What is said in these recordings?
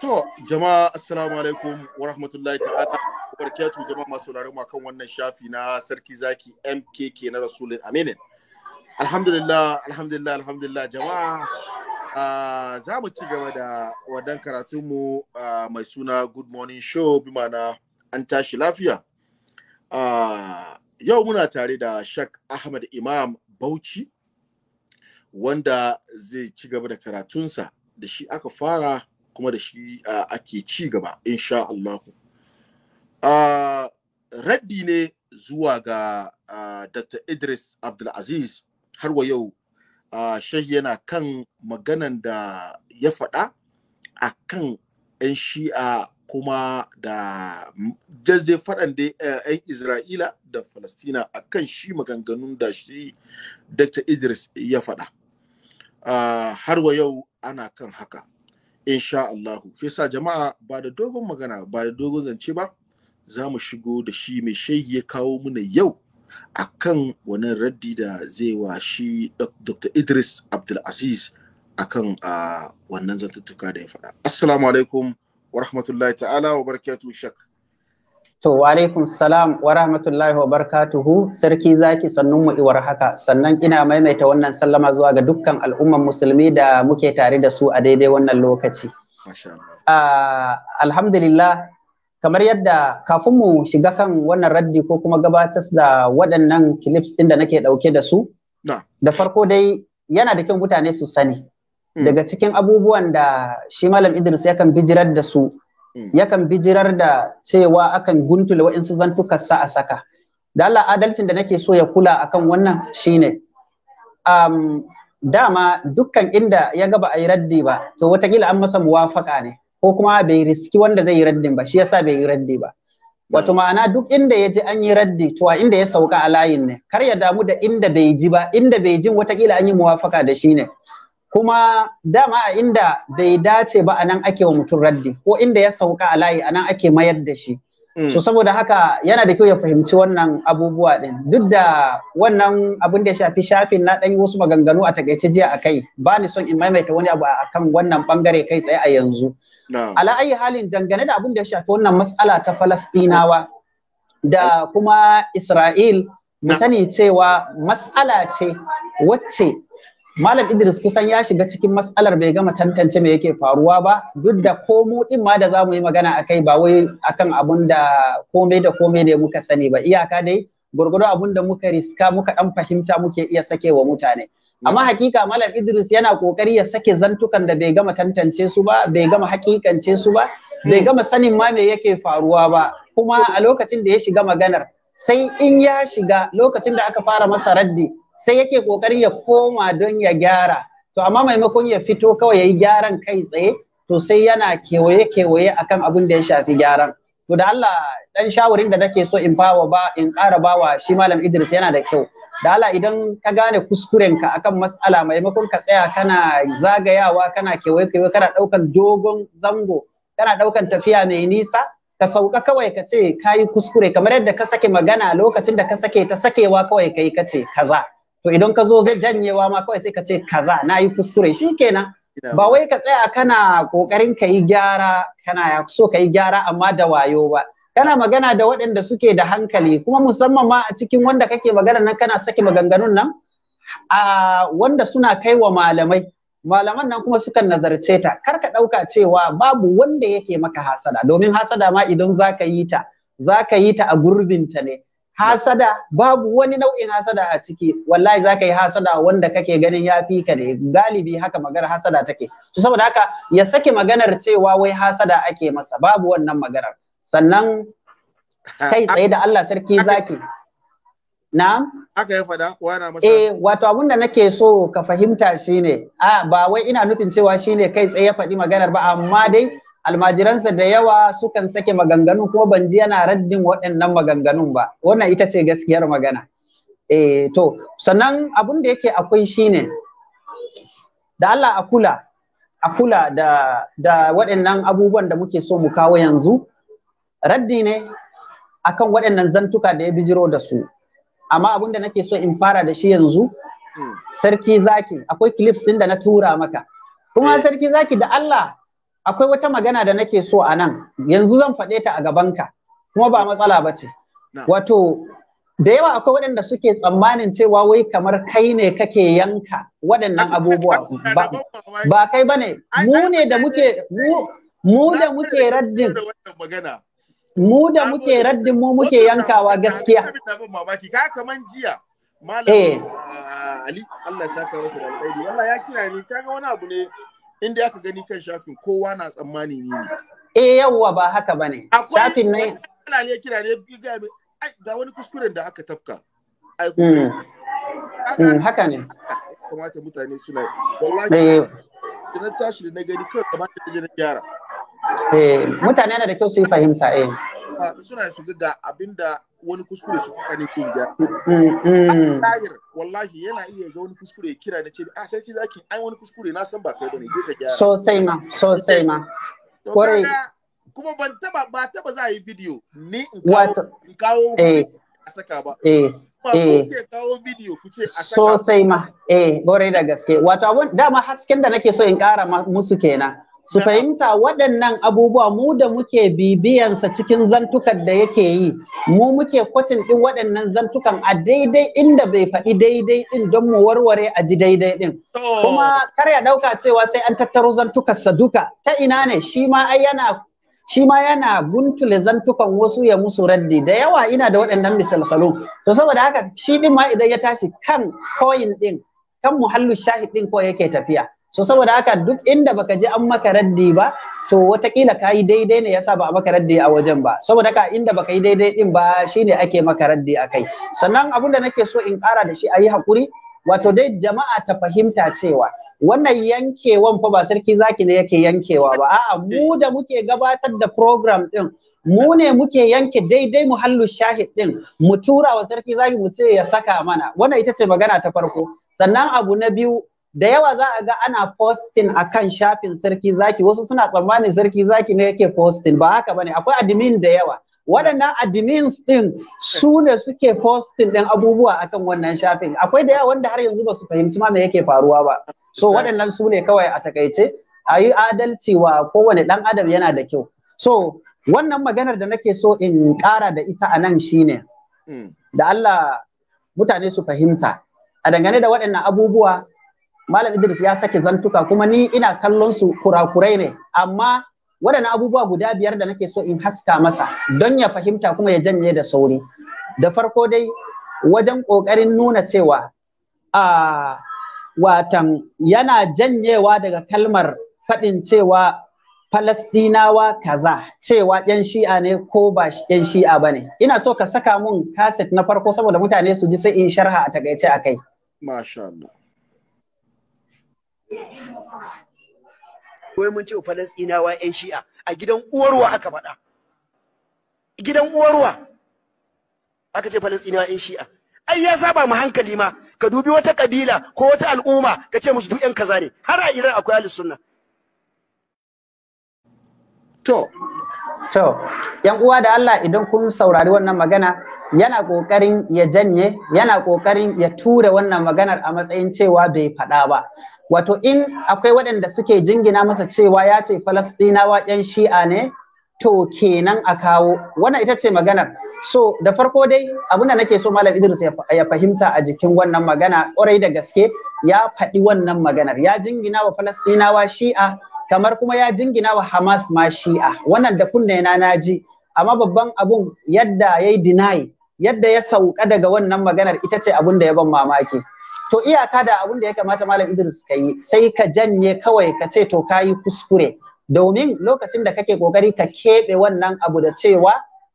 To, jama'a assalamu alaikum wa rahmatullahi ta'ala. Barkatu jama'a masu mu kan wannan shafi na Sarki Zaki MKK na Rasulin Aminin. Alhamdulillah, alhamdulillah, alhamdulillah jama'a. Uh, za mu ci gaba da wadan karatunmu uh, ah, mai suna Good Morning Show bi mana an tashi lafiya. Uh, Yau muna tare da Shak Ahmad Imam Bauchi wanda zai ci gaba da karatunsa da shi aka fara kuma da shi ake ci gaba insha Allah raddi ne zuwa ga Dr. Idris Abdulaziz har wa yau shehi yana kan maganan da ya faɗa a kan 'yan shi'a kuma da jazde faɗan da 'yan Isra'ila da Falastina a kan shi maganganun da shi Dr. Idris ya faɗa. Har wa yau ana kan haka. insha Allahu sa jama'a ba da dogon magana ba da dogon zance ba za mu shigo da shi mai shehi ya kawo muna yau A kan wani raddi da zai wa shi Dr. Idris Abdulaziz akan a wannan zantuttuka da ya faɗa. Assalamu alaikum wa rahmatullahi ta'ala wa barakatuhu shak. To, alaikum salam wa rahmatullahi wa barkatuhu sarki zaki sannun mu iwar haka, sannan ina maimaita wannan sallama zuwa ga dukkan al'umman musulmi da muke tare da su a daidai wannan lokaci. Uh, alhamdulillah, kamar yadda kafin mu shiga kan wannan raddi ko kuma gabatar da waɗannan clips ɗin da nake ɗauke da su, da farko dai yana da kyau mutane su sani. Hmm. Daga cikin abubuwan da shi Malam Idris yakan bijirar da su Mm. yakan bijirar da cewa akan guntule waɗansu zantukan sa a saka da Allah adalcin da nake so ya kula akan wannan shine um, dama dukkan inda ya ga ba a yi raddi ba to watakila an masa muwafaka ne ko kuma bai riski wanda zai yi raddin ba shi yasa bai yi raddi ba wato mm. ma'ana duk inda ya ji an yi raddi to a inda ya sauka a layin ne kar ya damu da inda bai ji ba inda bai ji watakila an yi muwafaka da shi ne kuma dama a inda bai dace ba anan ake wa mutum raddi ko inda ya sauka a layi anan ake mayar da shi mm. so saboda haka yana da kyau ya fahimci wannan abubuwa din duk da wannan abin da ya shafi shafin na dan wasu maganganu a takaice jiya a kai ba ni son in maimaita wani abu akan wannan bangare kai tsaye a yanzu ala ayi halin dangane da abin da ya shafi wannan mas'ala ta falastinawa da kuma isra'il mu cewa mas'ala ce wacce Malam Idris kusan ya shiga cikin matsalar bai gama tantance me yake faruwa ba duk da komo din ma da zamu yi magana akai ba wai akan abun da komai da komai ne muka sani ba iyaka dai gurgurdo abun da muka riska muka dan fahimta muke iya sake wa mutane amma hakika malam idris yana kokari ya sake zantukan da bai gama tantance su ba bai gama hakikance su ba bai gama sanin ma me yake faruwa ba kuma a lokacin da ya shiga maganar sai in ya shiga lokacin da aka fara masa raddi sai yake kokarin ya koma don ya gyara to amma maimakon ya fito kawai yayi gyaran kai tsaye to sai yana kewaye kewaye akan abin da ya shafi gyaran to da Allah dan shawarin da nake so in bawa ba in ƙara bawa shi malam Idris yana da kyau da Allah idan ka gane kuskuren ka akan mas'ala maimakon ka tsaya kana zagayawa kana kewaye kewaye kana ɗaukan dogon zango kana ɗaukan tafiya mai nisa ka sauka kawai ka ce ka kuskure kamar yadda ka sake magana lokacin da ka sake ta sakewa kawai ka yi ka ce kaza to idan ka zo zai janyewa ma kawai sai ka ce kaza na yi kuskure shi kenan. ba wai ka tsaya kana kokarin ka yi gyara kana so ka yi gyara amma da wayo ba kana magana da waɗanda suke da hankali kuma musamman ma a cikin wanda kake magana nan kana sake maganganun nan a wanda suna kai wa malamai malaman nan kuma sukan nazarce ta kar ka ɗauka cewa babu wanda yake maka hasada domin hasada ma idan za ka yi ta za ka yi ta a gurbinta ne hasada babu wani nau'in hasada a ciki wallahi zaka yi hasada wanda kake ganin ya fi ka ne galibi haka maganar hasada take to saboda haka ya saki maganar cewa wai hasada ake masa babu wannan maganar sannan kai tsaye da Allah sarki zaki Na? haka ya fada wana masa eh wato nake so ka fahimta shine a ba wai ina nufin cewa shine kai tsaye ya faɗi maganar ba amma dai almajiransa da yawa sukan sake maganganu kuma ban ji yana raddin waɗannan maganganun ba wannan ita ce gaskiyar magana e to sannan abin da yake akwai shine da Allah a kula a kula da da waɗannan abubuwan da muke so mu kawo yanzu raddi ne akan waɗannan zantuka da ya bijiro da su amma abin da nake so in fara da shi yanzu hmm. sarki zaki akwai clips ɗin da na tura maka kuma eh. sarki zaki da Allah akwai wata magana da nake so a nan yanzu zan faɗe ta a gabanka kuma ba matsala ba ce wato da yawa akwai waɗanda suke tsammanin cewa wai kamar kai ne kake yanka waɗannan abubuwa ba kai ba ne mu ne da muke mu da muke raddin mu da muke raddin mu muke yankawa gaskiya malam eh. ah, Ali Allah ya saka masa da alƙairi wallahi ya kira ni kaga wani abu ne inda aka gani kan shafin kowa na tsammani ni ne eh yawwa ba haka bane shafin ne ana ne kira ne ga ga wani kuskuren da aka tafka ai hmm. hmm, haka ne kamata mutane suna wallahi eh. da tashi da na gani kawai kamata da na gyara eh mutane na da kyau su yi fahimta eh suna su ga abinda wani kuskure su kuka ne kun gyara. wallahi yana iya ga wani kuskure ya kira na ce a ah, sarki zaki ai wani kuskure na san ba kai bane je ka gyara. Sosai ma sosai ma. Kwarai. Kuma ban taba ba taba za a yi video ni in kawo eh. a saka ba. Eh. eh. sosai ma, eh, gore da gaske. Wato, dama hasken da nake so in ƙara musu kenan. su fahimta waɗannan abubuwa mu da muke bibiyansa cikin zantukan da yake yi mu muke kwatin ɗin waɗannan zantukan a daidai inda bai faɗi daidai ɗin don mu warware a ji daidai ɗin kuma kar ya ɗauka cewa sai an tattaro sa duka ta ina ne shi ma ai yana shi ma yana guntule zantukan wasu ya musu raddi da yawa ina da waɗannan misalsalu to saboda haka shi ɗin ma idan ya tashi kan koyin ɗin kan muhallu shahid ɗin ko yake tafiya so saboda haka duk inda baka ji an maka raddi ba to watakila ka yi daidai ne yasa ba a maka raddi a wajen ba saboda haka inda baka yi daidai din ba shine ake maka raddi a kai sannan abin da nake so in ƙara da shi a yi haƙuri wato dai jama'a ta fahimta cewa wannan yankewan fa ba sarki zaki ne yake yankewa ba a'a mu da muke gabatar da program din mu ne muke yanke daidai muhallu shahid din mu tura wa sarki zaki mu ce ya saka mana wannan ita ce magana ta farko sannan abu na biyu da yawa za a ga ana posting akan shafin sarki zaki wasu suna tsammanin sarki zaki ne yake posting ba haka bane akwai admin da yawa waɗannan admins ɗin su ne suke posting ɗin abubuwa akan wannan shafin akwai da yawa wanda har yanzu ba su fahimci ma me yake faruwa ba so waɗannan su ne kawai a takaice a yi adalci wa kowane ɗan adam yana da kyau so wannan maganar da nake so in ƙara da ita a nan shine hmm. da Allah mutane su fahimta a dangane da waɗannan abubuwa Malam Idris ya sake zantuka kuma ni ina kallon su kurakurai ne amma waɗannan abubuwa guda biyar da nake so in haska masa don ya fahimta kuma ya janye da sauri. Da farko dai wajen ƙoƙarin nuna cewa a watan yana janyewa daga kalmar faɗin cewa Falasɗinawa kaza cewa ‘yan shi'a ne ko ba ‘yan shi'a ba ne. Ina so ka saka mun kaset na farko saboda mutane su ji sai in sharha a takaice a kai. Masha Allah. Wai mun ce wa Falastinawa 'yan shi'a a gidan uwarwa aka faɗa. Gidan uwarwa aka ce wa 'yan shi'a. Ai ya saba mu hankali ma ka dubi wata ƙabila ko wata al'umma ka ce musu duk kaza ne har a Iran akwai ahlus sunna. To, To, ‘yan uwa da Allah idan kun saurari wannan magana yana ƙoƙarin ya janye, yana ƙoƙarin ya tura wannan maganar a matsayin cewa bai faɗa ba. wato in akwai waɗanda suke jingina masa cewa ya ce falastinawa yan shi'a ne to kenan a kawo wannan ita ce magana so da farko dai abinda nake so malam idris ya fahimta a jikin wannan magana kwarai da gaske ya faɗi wannan maganar ya jingina wa falastinawa shi'a kamar kuma ya jingina wa hamas ma shi'a wannan da kunne na naji amma babban abun yadda ya yi deny yadda ya sauka daga wannan maganar ita ce abun da ya ban mamaki to iyaka da abin da ya kamata malam Idris ka yi sai ka janye kawai ka ce to ka yi kuskure domin lokacin da kake kokari ka keɓe wannan abu da cewa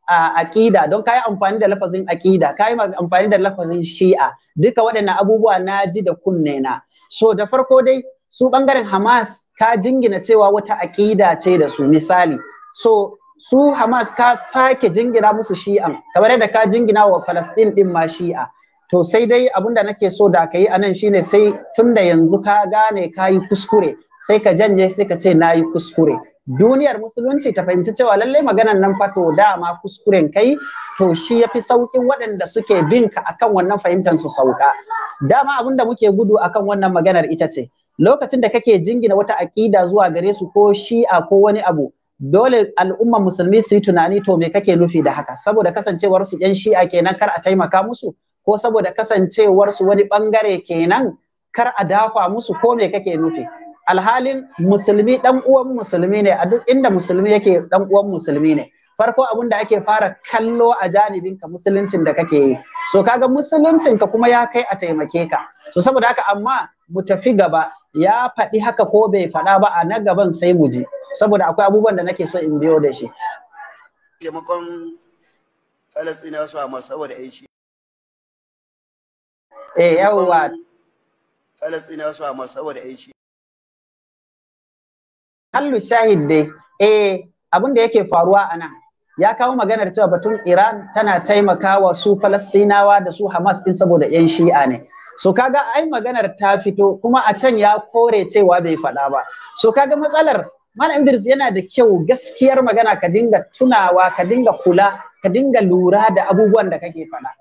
a aƙida don ka yi amfani da lafazin aƙida ka yi amfani da lafazin shi'a duka waɗannan abubuwa na ji da kunne na so da farko dai su ɓangaren hamas ka jingina cewa wata aƙida ce da su misali so su hamas ka sake jingina musu shi'an kamar yadda ka jingina wa palestine ɗin ma shi'a to sai dai abin da nake so da ka yi anan shine sai tun da yanzu ka gane ka yi kuskure sai ka janye sai ka ce na yi kuskure duniyar musulunci ta fahimci cewa lallai maganar nan fa to dama kuskuren kai to shi yafi saukin waɗanda suke bin ka akan wannan fahimtar su sauka dama abin da muke gudu akan wannan maganar ita ce lokacin da kake jingina wata aƙida zuwa gare su ko shi'a ko wani abu dole al'umma musulmi su yi tunani to me kake nufi da haka saboda kasancewar su yan shi'a kenan kar a taimaka musu ko saboda kasancewarsu wani bangare kenan kar a dafa musu ko me kake nufi alhalin musulmi dan uwan musulmi ne a duk inda musulmi yake dan uwan musulmi ne farko abin da ake fara kallo a janibin ka musuluncin da kake yi so kaga musuluncin ka kuma ya kai a taimake ka so saboda haka amma mu tafi gaba ya faɗi haka ko bai faɗa ba a na gaban sai mu ji saboda akwai abubuwan da nake so in biyo da shi taimakon su amma saboda eh yawwa Falastina su amma saboda ai shi hallu shahid dai eh abin da yake faruwa a nan ya kawo maganar cewa batun Iran tana taimaka wa su Falastinawa da su Hamas din saboda yan shi'a ne so kaga ai maganar ta fito kuma a can ya kore cewa bai faɗa ba so kaga matsalar Malam Idris yana da kyau gaskiyar magana ka dinga tunawa ka dinga kula ka dinga lura da abubuwan da kake faɗa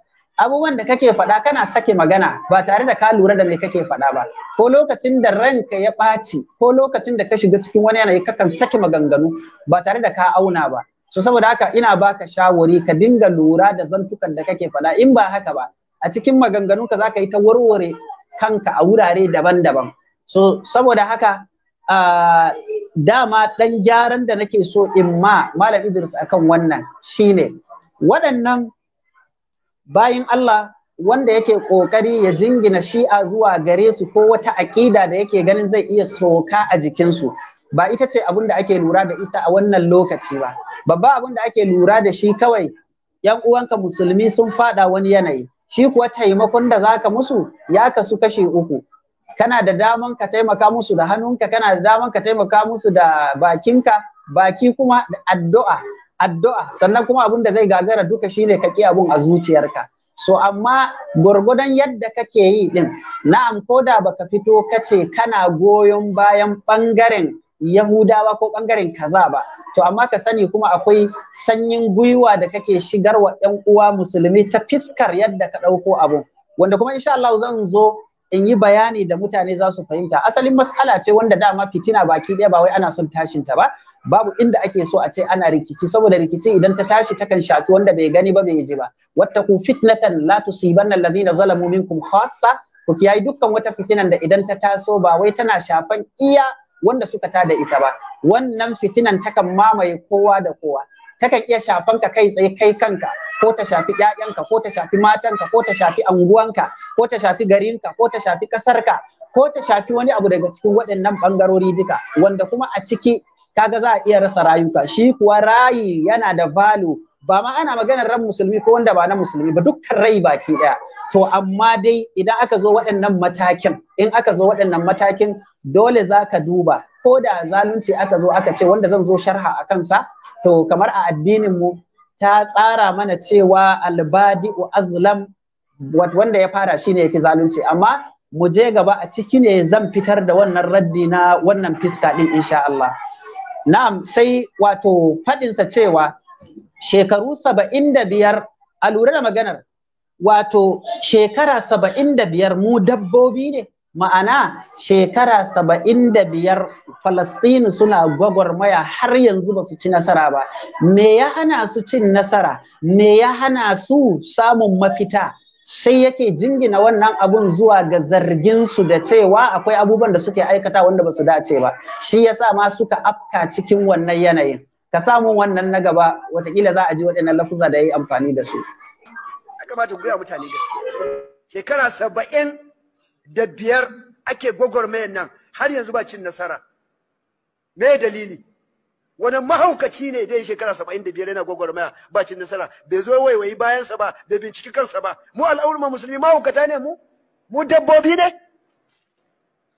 abubuwan da kake faɗa kana sake magana ba tare da ka lura da me kake faɗa ba ko lokacin da ranka ya ɓaci ko lokacin da ka shiga cikin wani yanayi kakan sake maganganu ba tare da ka auna ba so saboda haka ina baka shawari ka dinga lura da zantukan da kake faɗa in ba haka ba a cikin ka za ka yi ta warware kanka a wurare daban-daban so saboda haka uh, dama ɗan gyaran da nake so in ma malam idris akan wannan shine waɗannan bayin Allah wanda yake kokari ya jingina shi'a zuwa gare su ko wata aƙida da yake ganin zai iya soka a jikinsu ba ita ce abin da ake lura da ita a wannan lokaci ba babba abin da ake lura da shi kawai yan uwanka musulmi sun fada wani yanayi shi kuwa taimakon da zaka musu ya kasu kashi uku kana da daman ka taimaka musu da hannunka kana da daman ka taimaka musu da bakinka baki kuma da addu'a addu'a sannan kuma abin da zai gagara duka shine ka ki abun a zuciyarka so amma gwargwadon yadda kake yi din na'am ko da baka fito kace kana goyon bayan bangaren yahudawa ko bangaren kaza ba to amma ka sani kuma akwai sanyin gwiwa da kake shigarwa yan uwa musulmi ta fiskar yadda ka ɗauko abun wanda kuma insha Allah zan zo in yi bayani da mutane za su fahimta asalin mas'ala ce wanda dama fitina baki ɗaya ba wai ana son tashinta ba babu inda ake so a ce ana rikici saboda rikici idan ta tashi takan shafi wanda bai gani ba bai ji ba ku fitnatan la tusibanna alladhina zalamu minkum khassa ku kiyayi dukkan wata fitinan da idan ta taso ba wai tana shafan iya wanda suka ta da ita ba wannan fitinan takan mamaye kowa da kowa takan iya shafan ka kai tsaye kai kanka ko ta shafi ƴaƴanka ko ta shafi matanka ko ta shafi anguwanka ko ta shafi garinka ko ta shafi ƙasarka ko ta shafi wani abu daga cikin waɗannan ɓangarori duka wanda kuma a ciki kaga za a iya rasa rayuka shi kuwa rayi yana da valu ba ma ana maganar ran musulmi ko wanda ba na musulmi ba dukkan rai baki daya to amma dai idan aka zo waɗannan matakin in aka zo waɗannan matakin dole za ka duba ko da zalunci aka zo aka ce wanda zan zo sharha a kansa to kamar a addinin mu ta tsara mana cewa albadi'u azlam wanda ya fara shi shine yafi zalunci amma mu je gaba a ciki ne zan fitar da wannan raddi na wannan fiska din insha Allah na'am sai wato faɗinsa cewa shekaru saba'in da biyar a lura da maganar wato shekara saba'in da biyar mu dabbobi ne ma'ana shekara saba'in da biyar falastinu suna gwagwarmaya har yanzu ba su ci nasara ba me ya hana su cin nasara me ya hana su samun mafita sai yake jingina wannan abun zuwa ga zarginsu da cewa akwai abubuwan da suke aikata wanda ba su dace ba shi yasa ma suka afka cikin wannan yanayin ka samu wannan na gaba watakila za a ji waɗannan lafuza da ya yi amfani da su A kamata ku gaya mutane su. shekara saba'in da biyar ake gwagwarmayar nan har yanzu ba cin nasara me dalili wani mahaukaci ne dai shekara saba'in da biyar yana gwagwarmaya ba cin nasara bai zo waiwayi bayansa ba bai binciki kansa ba mu al'aurma musulmi mahaukata ne mu mu dabbobi ne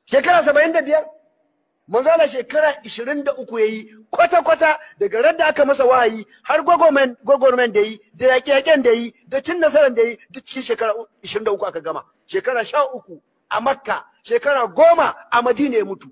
shekara saba'in da biyar manzala shekara ishirin da uku ya yi kwata-kwata daga da aka masa wahayi har gwagwarmen da yi da yaƙe-yaƙen da yi da cin nasarar da yi duk cikin shekara ishirin da uku aka gama shekara sha uku a makka shekara goma a madina ya mutu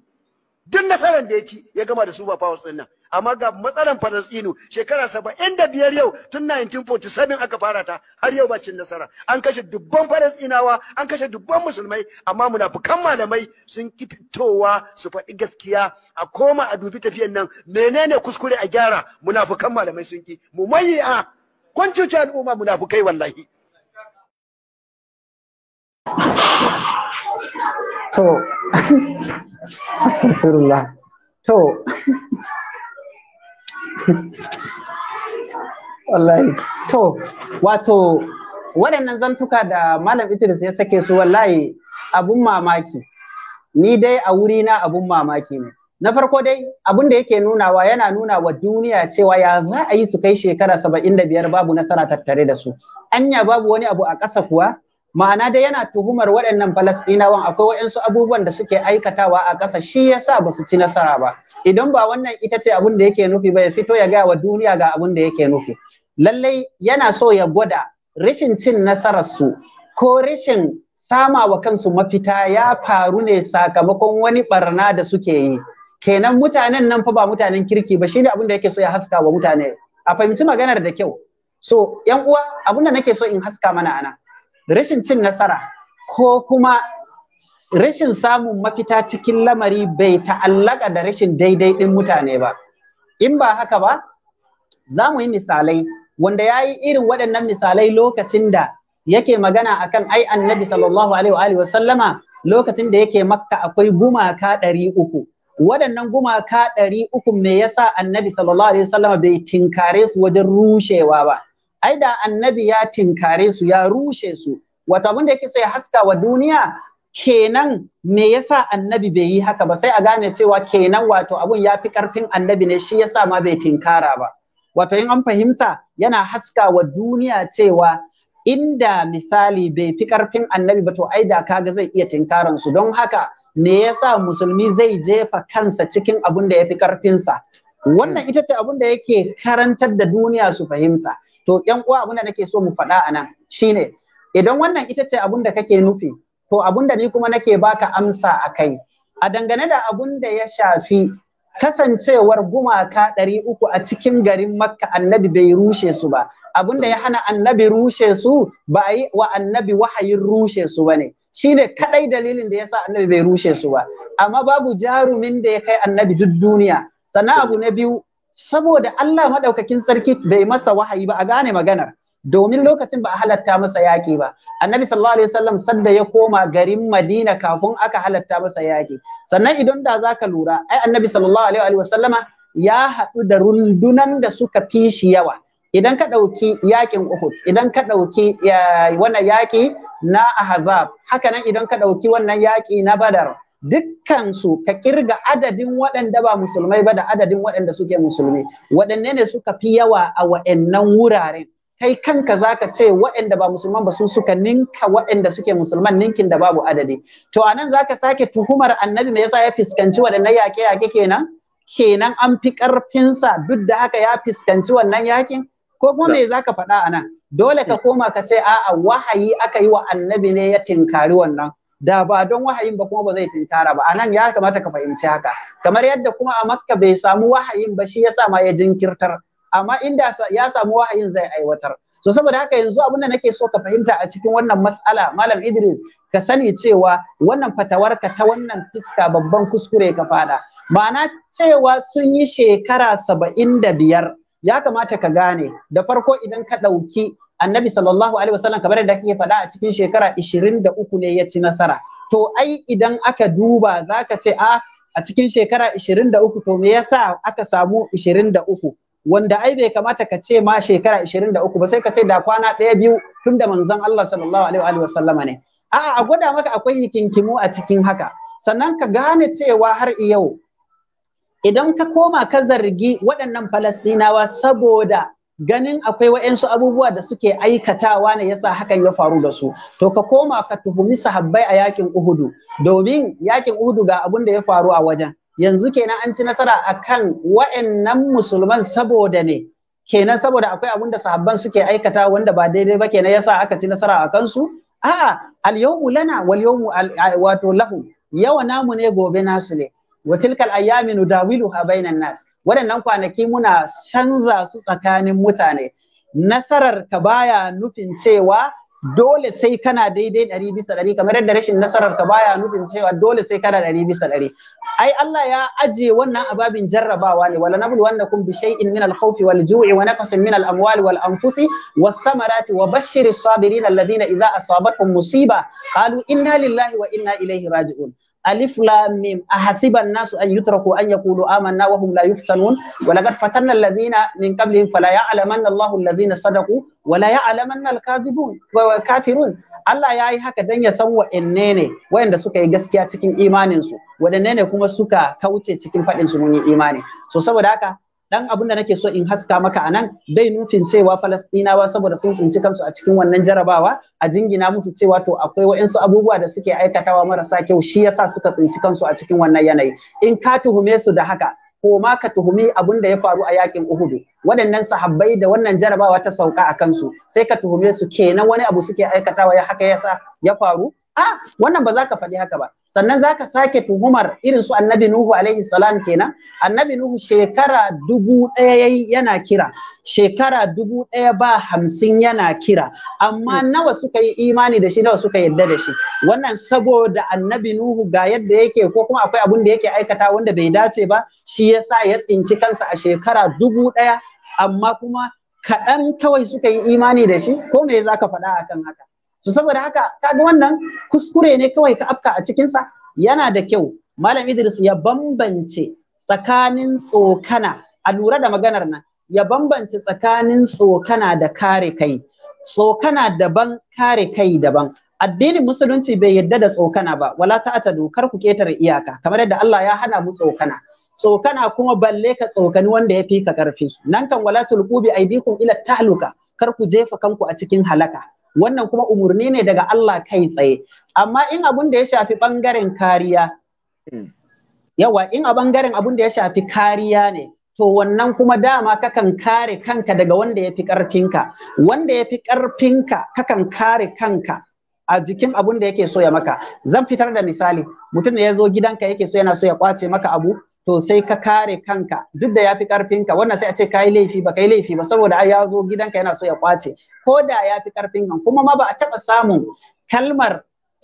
duk nasarar da ya ci ya gama da su ba powers nan amma ga matsalan Falastinu shekara saba'in da biyar yau tun 1947 aka fara ta har yau bacin nasara an kashe dubban Falastinawa an kashe dubban musulmai amma munafukan malamai sun ki fitowa su faɗi gaskiya a koma a dubi tafiyan nan menene kuskure a gyara munafukan malamai sun ki mu a? kun cuci al'umma munafukai wallahi to to wallahi to wato waɗannan zantuka da malam idris ya sake su wallahi abun mamaki ni dai a wuri na abun mamaki ne na farko dai abun da yake nunawa yana nuna wa duniya cewa ya za a yi su kai shekara saba'in da biyar babu nasara tattare da su anya babu wani abu a ƙasa kuwa ma'ana dai yana tuhumar waɗannan falastinawan akwai waɗansu abubuwan da suke aikatawa a ƙasa shi yasa ba su ci nasara ba idan ba wannan ita ce abin da yake nufi ba ya fito ya gaya wa duniya ga abin da yake nufi lallai yana so ya gwada rashin cin nasararsu ko rashin sama wa kansu mafita ya faru ne sakamakon wani barna da suke yi kenan mutanen nan fa ba mutanen kirki ba shine abin da yake so ya haska wa mutane a fahimci maganar da kyau so yan uwa abin da nake so in haska mana ana rashin cin nasara ko kuma rashin samun mafita cikin lamari bai ta'allaka da rashin daidai ɗin mutane ba in ba haka ba za mu yi misalai wanda ya yi irin waɗannan misalai lokacin da yake magana a kan ai annabi sallallahu alaihi wa lokacin da yake makka akwai gumaka ɗari uku waɗannan gumaka ɗari uku me yasa annabi sallallahu alaihi wa bai tinkare su wajen rushewa ba ai da annabi ya tinkare su ya rushe su Wata abin da yake so ya haska wa duniya kenan me yasa annabi bai yi haka ba sai a gane cewa kenan wato abun ya fi karfin annabi ne shi yasa ma bai tinkara ba wato in an fahimta yana haska wa duniya cewa inda misali bai fi karfin annabi ba to ai da kaga zai iya tinkaran su don haka me yasa musulmi zai jefa kansa cikin abun da ya fi karfinsa wannan ita ce abun da yake karantar da duniya su fahimta to yan uwa abun da nake so mu faɗa anan nan shine idan wannan ita ce abun da kake nufi to abun da ni kuma nake baka amsa a kai a dangane da abun da ya shafi kasancewar gumaka ɗari uku a cikin garin makka annabi bai rushe su ba abun da ya hana annabi rushe su ba a yi wa annabi wahayin rushe su ba ne shine kadai dalilin da yasa annabi bai rushe su ba amma babu jarumin da ya kai annabi duk duniya sannan abu na biyu saboda Allah madaukakin sarki bai masa wahayi ba a gane maganar domin lokacin ba a halatta masa yaƙi ba annabi sallallahu alaihi wasallam sadda ya koma garin madina kafin aka halatta masa yaƙi sannan idan da zaka lura ai annabi sallallahu alaihi wasallama ya haɗu da rundunan da suka fi shi yawa idan ka ɗauki yaƙin uhud idan ka ɗauki wannan yaƙi na ahzab haka nan idan ka ɗauki wannan yaƙi na badar dukkansu ka kirga adadin waɗanda ba musulmai ba da adadin waɗanda suke musulmi waɗanne ne suka fi yawa a waɗannan wuraren kai kanka zaka ce waɗanda ba musulman ba su suka ninka waɗanda suke musulman ninkin da babu adadi to anan zaka sake tuhumar annabi me yasa ya fuskanci waɗannan yaƙe yaƙe kenan kenan an fi ƙarfinsa duk da haka ya fuskanci wannan yaƙin ko kuma me zaka faɗa anan dole ka koma ka ce a'a wahayi aka yi wa annabi ne ya tinkari wannan da ba don wahayin ba kuma ba zai tinkara ba anan ya kamata ka fahimci haka kamar yadda kuma a makka bai samu wahayin ba shi yasa ma ya jinkirtar amma inda ya samu wahayin zai aiwatar so saboda haka yanzu abin da nake so ka fahimta a cikin wannan matsala malam Idris ka sani cewa wannan fatawarka ta wannan fiska babban kuskure ka fada ma'ana cewa sun yi shekara saba'in da biyar ya kamata ka gane da farko idan ka ɗauki annabi sallallahu alaihi wasallam kamar da kake faɗa a cikin shekara ishirin da uku ne ya ci nasara to ai idan aka duba za ka ce a ah, a cikin shekara 23 to me yasa aka samu 23 wanda ai bai kamata ka ce ma shekara 23 ba sai ka ce da kwana ɗaya biyu tunda manzon Allah sallallahu alaihi wa sallama ne a'a a gwada maka akwai hikinkimu a cikin haka sannan ka gane cewa har yau idan ka koma ka zargi waɗannan Falastinawa saboda ganin akwai waɗansu abubuwa da suke aikatawa ne yasa hakan ya faru da su to ka koma ka tuhumi sahabbai a yakin Uhudu domin yakin Uhudu ga abin da ya faru a wajen yanzu kenan an ci nasara akan wa'annan musulman saboda me kenan saboda akwai abun da sahabban suke aikata wanda ba daidai ba kenan yasa aka ci nasara a kansu a'a al yawmu lana wal yawmu wato lahu yawa namu ne gobe nasu ne wa tilkal ayyami nudawiluha bainan nas waɗannan kwanaki muna canza su tsakanin mutane nasarar ka baya nufin cewa dole sai kana daidai ɗari bisa ɗari kamar yadda rashin nasarar ka baya nufin cewa dole sai kana ɗari bisa ɗari ai Allah ya aje wannan ababin jarrabawa ne wala wanda kun bi shay'in min al-khawfi wal ju'i wa naqsin min al-amwali wal anfusi was thamarati wa bashshiris sabirin alladhina idza asabatuhum musiba qalu inna lillahi wa inna ilayhi raji'un alif lam mim ahasiban nasu an yutraku an yaqulu amanna wa hum la yuftanun wa laqad fatanna alladhina min qablihim fala ya'lamanna Allahu alladhina sadaqu wa la ya'lamanna al-kadhibun wa kafirun Allah yayi haka dan ya san wa'anne ne wa'anda suka yi gaskiya cikin imanin su waɗanne ne kuma suka kauce cikin faɗin su mun yi imani so saboda haka dan abin da nake so in haska maka anan bai nufin cewa Falastinawa saboda sun tsinci kansu a cikin wannan jarabawa a jingina musu cewa to akwai waɗansu abubuwa da suke aikatawa marasa kyau shi yasa suka tsinci kansu a cikin wannan yanayi in ka tuhume su da haka ko ma ka tuhumi abin da ya faru a yakin Uhudu waɗannan sahabbai da wannan jarabawa ta sauka a kansu sai ka tuhume su kenan wani abu suke aikatawa ya haka yasa ya faru a wannan ba za ka faɗi haka ba sannan zaka sake tuhumar irin su annabi nuhu alaihi salam kenan annabi nuhu shekara dubu ɗaya yana kira shekara dubu ɗaya ba hamsin yana kira amma hmm. nawa suka yi imani da shi nawa suka yadda da shi wannan saboda annabi nuhu ga yadda yake ko kuma akwai abun da yake aikata wanda bai dace ba shi yasa ya tsinci kansa a shekara dubu ɗaya amma kuma kaɗan kawai suka yi imani da shi ko me za ka faɗa akan haka to saboda haka kaga wannan kuskure ne kawai ka afka a cikinsa yana da kyau malam idris ya bambance tsakanin tsokana a lura da maganar nan ya bambance tsakanin tsokana da kare kai tsokana daban kare kai daban addinin musulunci bai yadda da tsokana ba wala ta dokar ku ketare iyaka kamar yadda Allah ya hana mu tsokana tsokana kuma balle ka tsokani wanda ya fi ka karfi nan kan wala tulqu bi aidikum ila ta'luka kar ku jefa kanku a cikin halaka wannan kuma umurni ne daga Allah kai tsaye amma in abun da ya shafi bangaren kariya hmm. yawa in a bangaren abun da ya shafi kariya ne to wannan kuma dama kakan kare kanka daga wanda ya fi ƙarfinka wanda ya fi ƙarfinka kakan kare kanka a jikin abun da yake so ya maka zan fitar da misali mutum da ya zo gidanka yake so yana so ya kwace maka abu to sai ka kare kanka duk da yafi karfinka wannan sai a ce kai laifi ba kai laifi ba saboda ai ya zo gidanka yana so ya kwace ko da yafi karfin kan kuma ma ba a taba samun kalmar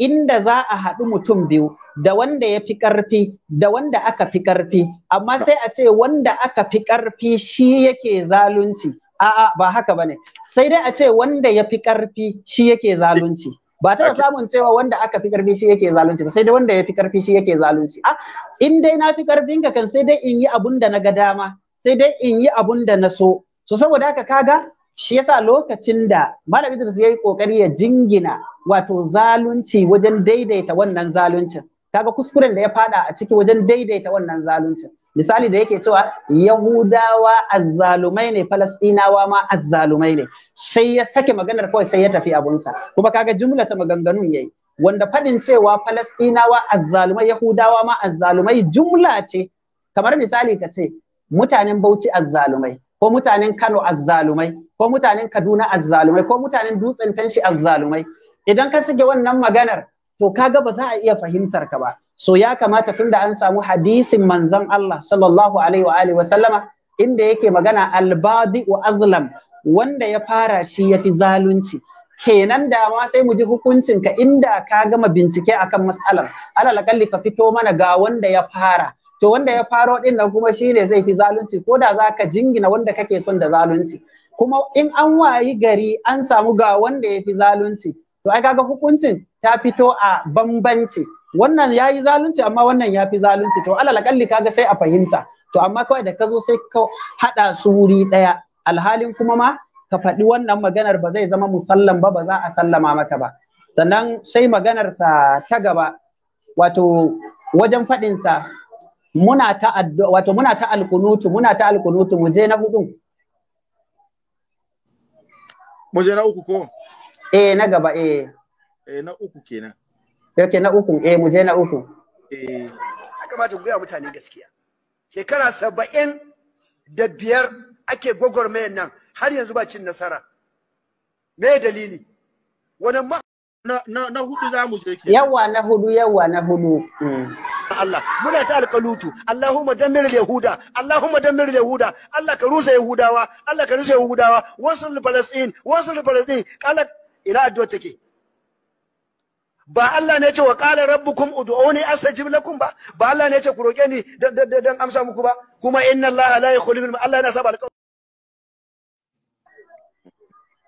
inda za a haɗu mutum biyu da wanda ya fi ƙarfi da wanda aka fi ƙarfi amma sai a ce wanda aka fi ƙarfi shi yake zalunci a'a ba haka bane sai dai a ce wanda ya fi ƙarfi shi yake zalunci ba ta samun cewa wanda aka fi karfi shi yake zalunci ba sai dai wanda ya fi karfi shi yake zalunci a in dai na fi karfin ka kan sai dai in yi abun da na ga dama sai dai in yi abun da na so so saboda haka kaga shi yasa lokacin da malam Idris yayi kokari ya jingina wato zalunci wajen daidaita wannan zaluncin kaga kuskuren da ya fada a ciki wajen daidaita wannan zaluncin misali da yake cewa yahudawa azzalumai ne falastinawa ma azzalumai ne sai ya sake maganar kawai sai ya tafi abunsa kuma kaga jumla ta maganganun yayi wanda fadin cewa falastinawa azzalumai yahudawa ma azzalumai jumla ce kamar misali ka ce mutanen bauchi azzalumai ko mutanen kano azzalumai ko mutanen kaduna azzalumai ko mutanen dutsen tanshi azzalumai idan ka sige wannan maganar to kaga ba za a iya fahimtar ka ba so ya kamata tunda an samu hadisin manzon Allah sallallahu alaihi wa alihi wa sallama inda yake magana albadi wa azlam wanda ya fara shi yafi zalunci kenan da ma sai mu ji hukuncin ka inda ka gama bincike akan matsalar alal kalli ka fito mana ga wanda ya fara to wanda ya faro din nan kuma shine zai fi zalunci ko da zaka jingina wanda kake son da zalunci kuma in an wayi gari an samu ga wanda ya fi zalunci to ai kaga hukuncin ta fito a bambanci wannan ya yi zalunci amma wannan ya fi zalunci to alal ka kaga sai a fahimta to amma kawai da ka zo sai ka haɗa su wuri ɗaya alhalin kuma ma ka faɗi wannan maganar ba zai zama musallam ba ba za a sallama maka ba sannan sai maganarsa ta gaba wato wajen faɗinsa muna ta wato muna ta alkunutu muna ta alkunutu mu je na hudun mu je na uku ko eh na gaba eh eh na uku kenan yake na uku eh mu je na uku Eh, aka mata goya mutane gaskiya. Shekara saba'in da biyar ake gwagwarmayar nan har yanzu ba cin nasara. Me dalili? Wani ma na, na, hudu za mu je ke. Yawa na hudu, yawa na hudu. Mm. Allah, muna ta alƙalutu, Allahumma dammir Yahuda, Allahumma dammir Yahuda, Allah ka rusa Yahudawa, Allah ka rusa Yahudawa, wasul Falasɗin, wasul Falasɗin, kala ila addu'a take. ba Allah ne ya ce wa qala rabbukum ud'uni astajib lakum ba ba Allah ne ya ce ku roke ni dan amsa muku ba kuma inna Allah la yukhlifu Allah yana saba alƙawari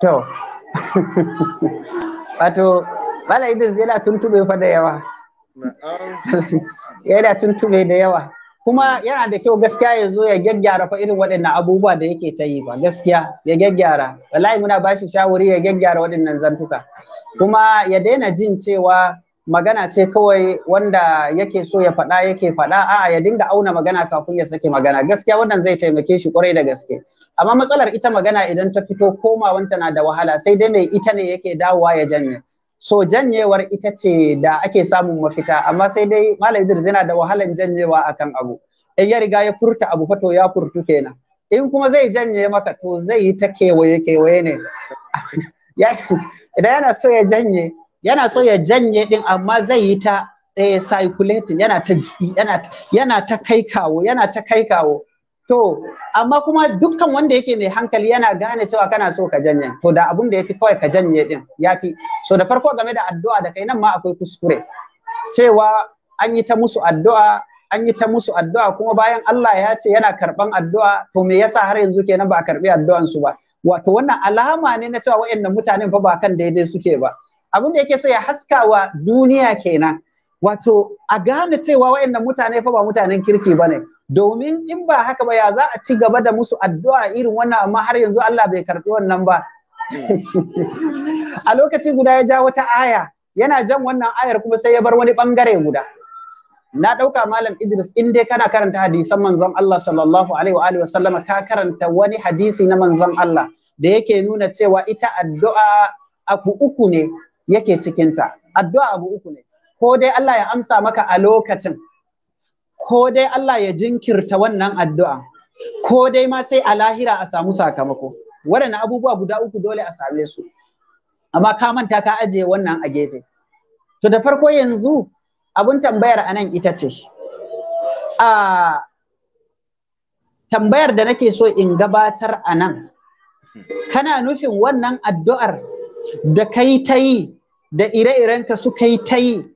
to wato Malam Idris yana tuntube fa da yawa yana tuntube da yawa kuma yana da kyau gaskiya ya zo ya gyaggyara fa irin waɗannan abubuwa da yake ta yi ba gaskiya ya gyaggyara wallahi muna bashi shawari ya gyaggyara waɗannan zantuka kuma ya daina jin cewa magana ce kawai wanda yake so ya faɗa yake faɗa a'a ya dinga auna magana kafin ya sake magana gaskiya wannan zai taimake shi kwarai da gaske amma matsalar ita magana idan ta fito komawanta na da wahala sai dai mai ita ne yake dawowa ya janye so janyewar ita ce da ake samun mafita amma sai dai malam Idris yana da wahalan janyewa akan abu in ya riga ya furta abu fa to ya furtu kenan in kuma zai janye maka to zai yi ta kewaye kewaye ne idan yana so ya janye yana so ya janye din amma zai yi ta eh, yana ta yana ta kai kawo yana ta kai kawo To, amma kuma dukkan wanda yake mai hankali yana gane cewa kana so ka janye, to da abun da ya fi kawai ka janye din ya fi. So da farko game da addu'a da kai nan ma akwai kuskure. Cewa an yi ta musu addu'a, an yi ta musu addu'a kuma bayan Allah ya ce yana karɓan addu'a, to me yasa har yanzu kenan ba a karɓi addu'an su ba. Wato wannan alama ne na cewa waɗannan mutanen fa ba kan daidai suke ba. Abin da yake so ya haskawa duniya kenan. wato a gane cewa waɗannan mutane fa ba mutanen kirki bane domin in ba haka ba ya za a ci gaba da musu addu'a irin wannan amma har yanzu Allah bai karɓi wannan ba a lokaci guda ya ja wata aya yana jan wannan ayar kuma sai ya bar wani bangare guda na ɗauka malam Idris in dai kana karanta hadisan manzon Allah sallallahu alaihi wa alihi ka karanta wani hadisi na manzon Allah da yake nuna cewa ita addu'a abu uku ne yake cikinta addu'a abu uku ne ko dai Allah ya amsa maka a lokacin ko dai Allah ya jinkirta wannan addu'a ko dai ma sai a lahira a samu sakamako waɗannan abubuwa guda uku dole a same su amma ka manta ka ajiye wannan a gefe to da farko yanzu abun tambayar anan ita ce a tambayar da nake so in gabatar anan kana nufin wannan addu'ar da kai ta yi da ire-irenka suka yi ta yi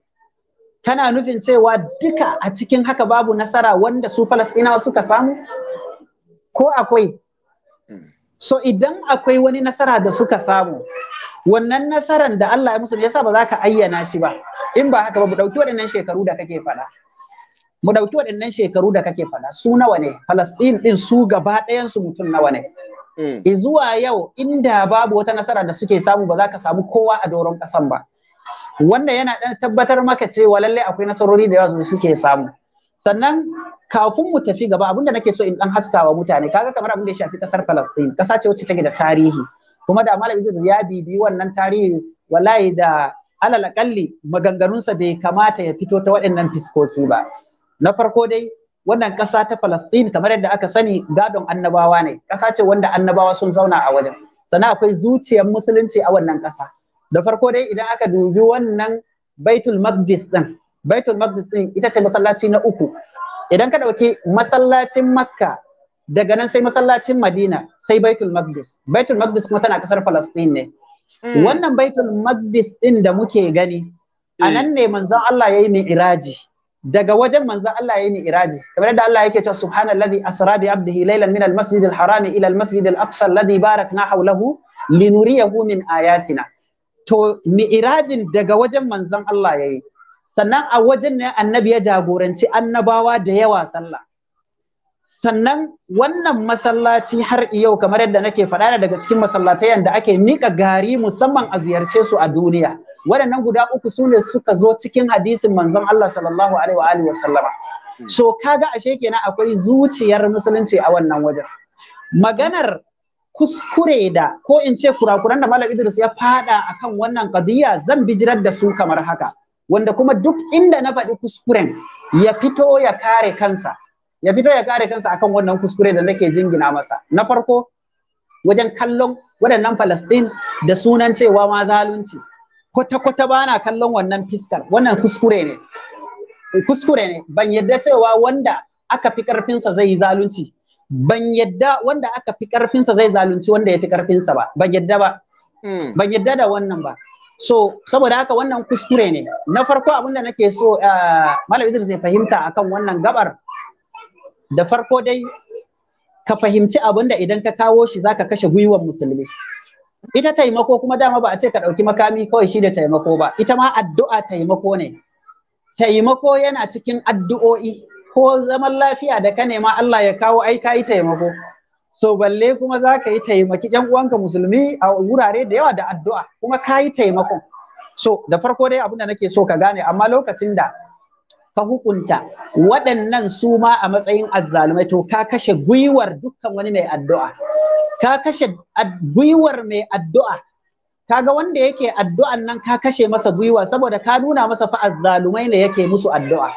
tana nufin cewa duka a cikin haka babu nasara wanda su Falasɗinawa suka samu? Ko akwai? So idan akwai wani nasara da suka samu, wannan nasaran da Allah ya musu sa ba za ka ayyana shi ba, in ba haka ba mu ɗauki waɗannan shekaru da kake faɗa. Mu ɗauki waɗannan shekaru da kake fada su nawa ne, Falasɗin ɗin su gaba ɗayansu mutum nawa ne. Hmm. Izuwa yau inda babu wata nasara da suke samu ba za ka samu kowa a doron ƙasan ba. wanda yana ɗan tabbatar maka cewa lallai akwai nasarori da yawa suke samu sannan kafin mu tafi gaba abin da nake so in dan haskawa mutane kaga kamar abin da ya shafi kasar Palestine kasa ce wacce take da tarihi kuma da Malam Idris ya bibi wannan tarihi wallahi da alal akalli maganganunsa bai kamata ya fito ta waɗannan fiskoki ba na farko dai wannan ƙasa ta Palestine kamar yadda aka sani gadon annabawa ne ƙasa ce wanda annabawa sun zauna a wajen sannan akwai zuciyar musulunci a wannan ƙasa da farko dai idan aka dubi wannan baitul maqdis din baitul maqdis din ita ce masallaci na uku idan ka dauki masallacin makka daga nan sai masallacin madina sai baitul maqdis baitul maqdis kuma tana kasar falastin ne mm. wannan baitul maqdis din da muke gani a nan ne manzon Allah yayi mi'raji daga wajen manzon Allah yayi iraji. kamar yadda Allah yake cewa subhanallazi asra bi abdihi laylan min al-masjid al-harami ila al-masjid al-aqsa alladhi barakna hawlahu linuriyahu min ayatina to mi'irajin daga wajen manzon Allah ya yi sannan a wajen ne annabi ya jagoranci annabawa da yawa sallah sannan wannan masallaci har yau kamar yadda nake faɗa daga cikin masallatai da ake nika gari musamman a ziyarce su a duniya waɗannan guda uku su ne suka zo cikin hadisin manzon Allah sallallahu alaihi wa alihi sallama hmm. so kaga ashe kenan akwai zuciyar musulunci a wannan wajen maganar kuskure da ko in ce kurakuran da Malam Idris ya fada akan wannan kaziyya zan bijirar da su kamar haka wanda kuma duk inda na faɗi kuskuren ya fito ya kare kansa ya fito ya kare kansa akan wannan kuskure da nake jingina masa na farko wajen kallon waɗannan Falastin da sunan cewa ma zalunci kwata-kwata bana kallon wannan fiskar wannan kuskure ne kuskure ne ban yadda cewa wanda aka fi karfinsa zai yi zalunci ban yadda wanda aka fi karfinsa zai zalunci wanda ya fi karfinsa ba ban yadda ba hmm. ban yadda da wannan ba so saboda haka wannan kuskure ne na farko abinda nake so uh, malam Idris ya fahimta akan wannan gabar da farko dai ka fahimci abinda idan ka kawo shi zaka kashe gwiwan musulmi ita taimako kuma dama ba a ce ka ɗauki makami kawai shi da taimako ba ita ma addu'a taimako ne taimako yana cikin addu'o'i ko zaman lafiya da ka nema Allah ya kawo ai ka yi taimako so balle kuma za ka yi taimaki yan uwanka musulmi a wurare da yawa da addu'a kuma ka yi taimakon so da farko dai abin da nake so ka gane amma lokacin da ka hukunta waɗannan su ma a matsayin azzalumai to ka kashe gwiwar dukkan wani mai addu'a ka kashe gwiwar mai addu'a Ka ga wanda yake addu'an nan ka kashe masa gwiwa saboda ka nuna masa fa azzalumai ne yake musu addu'a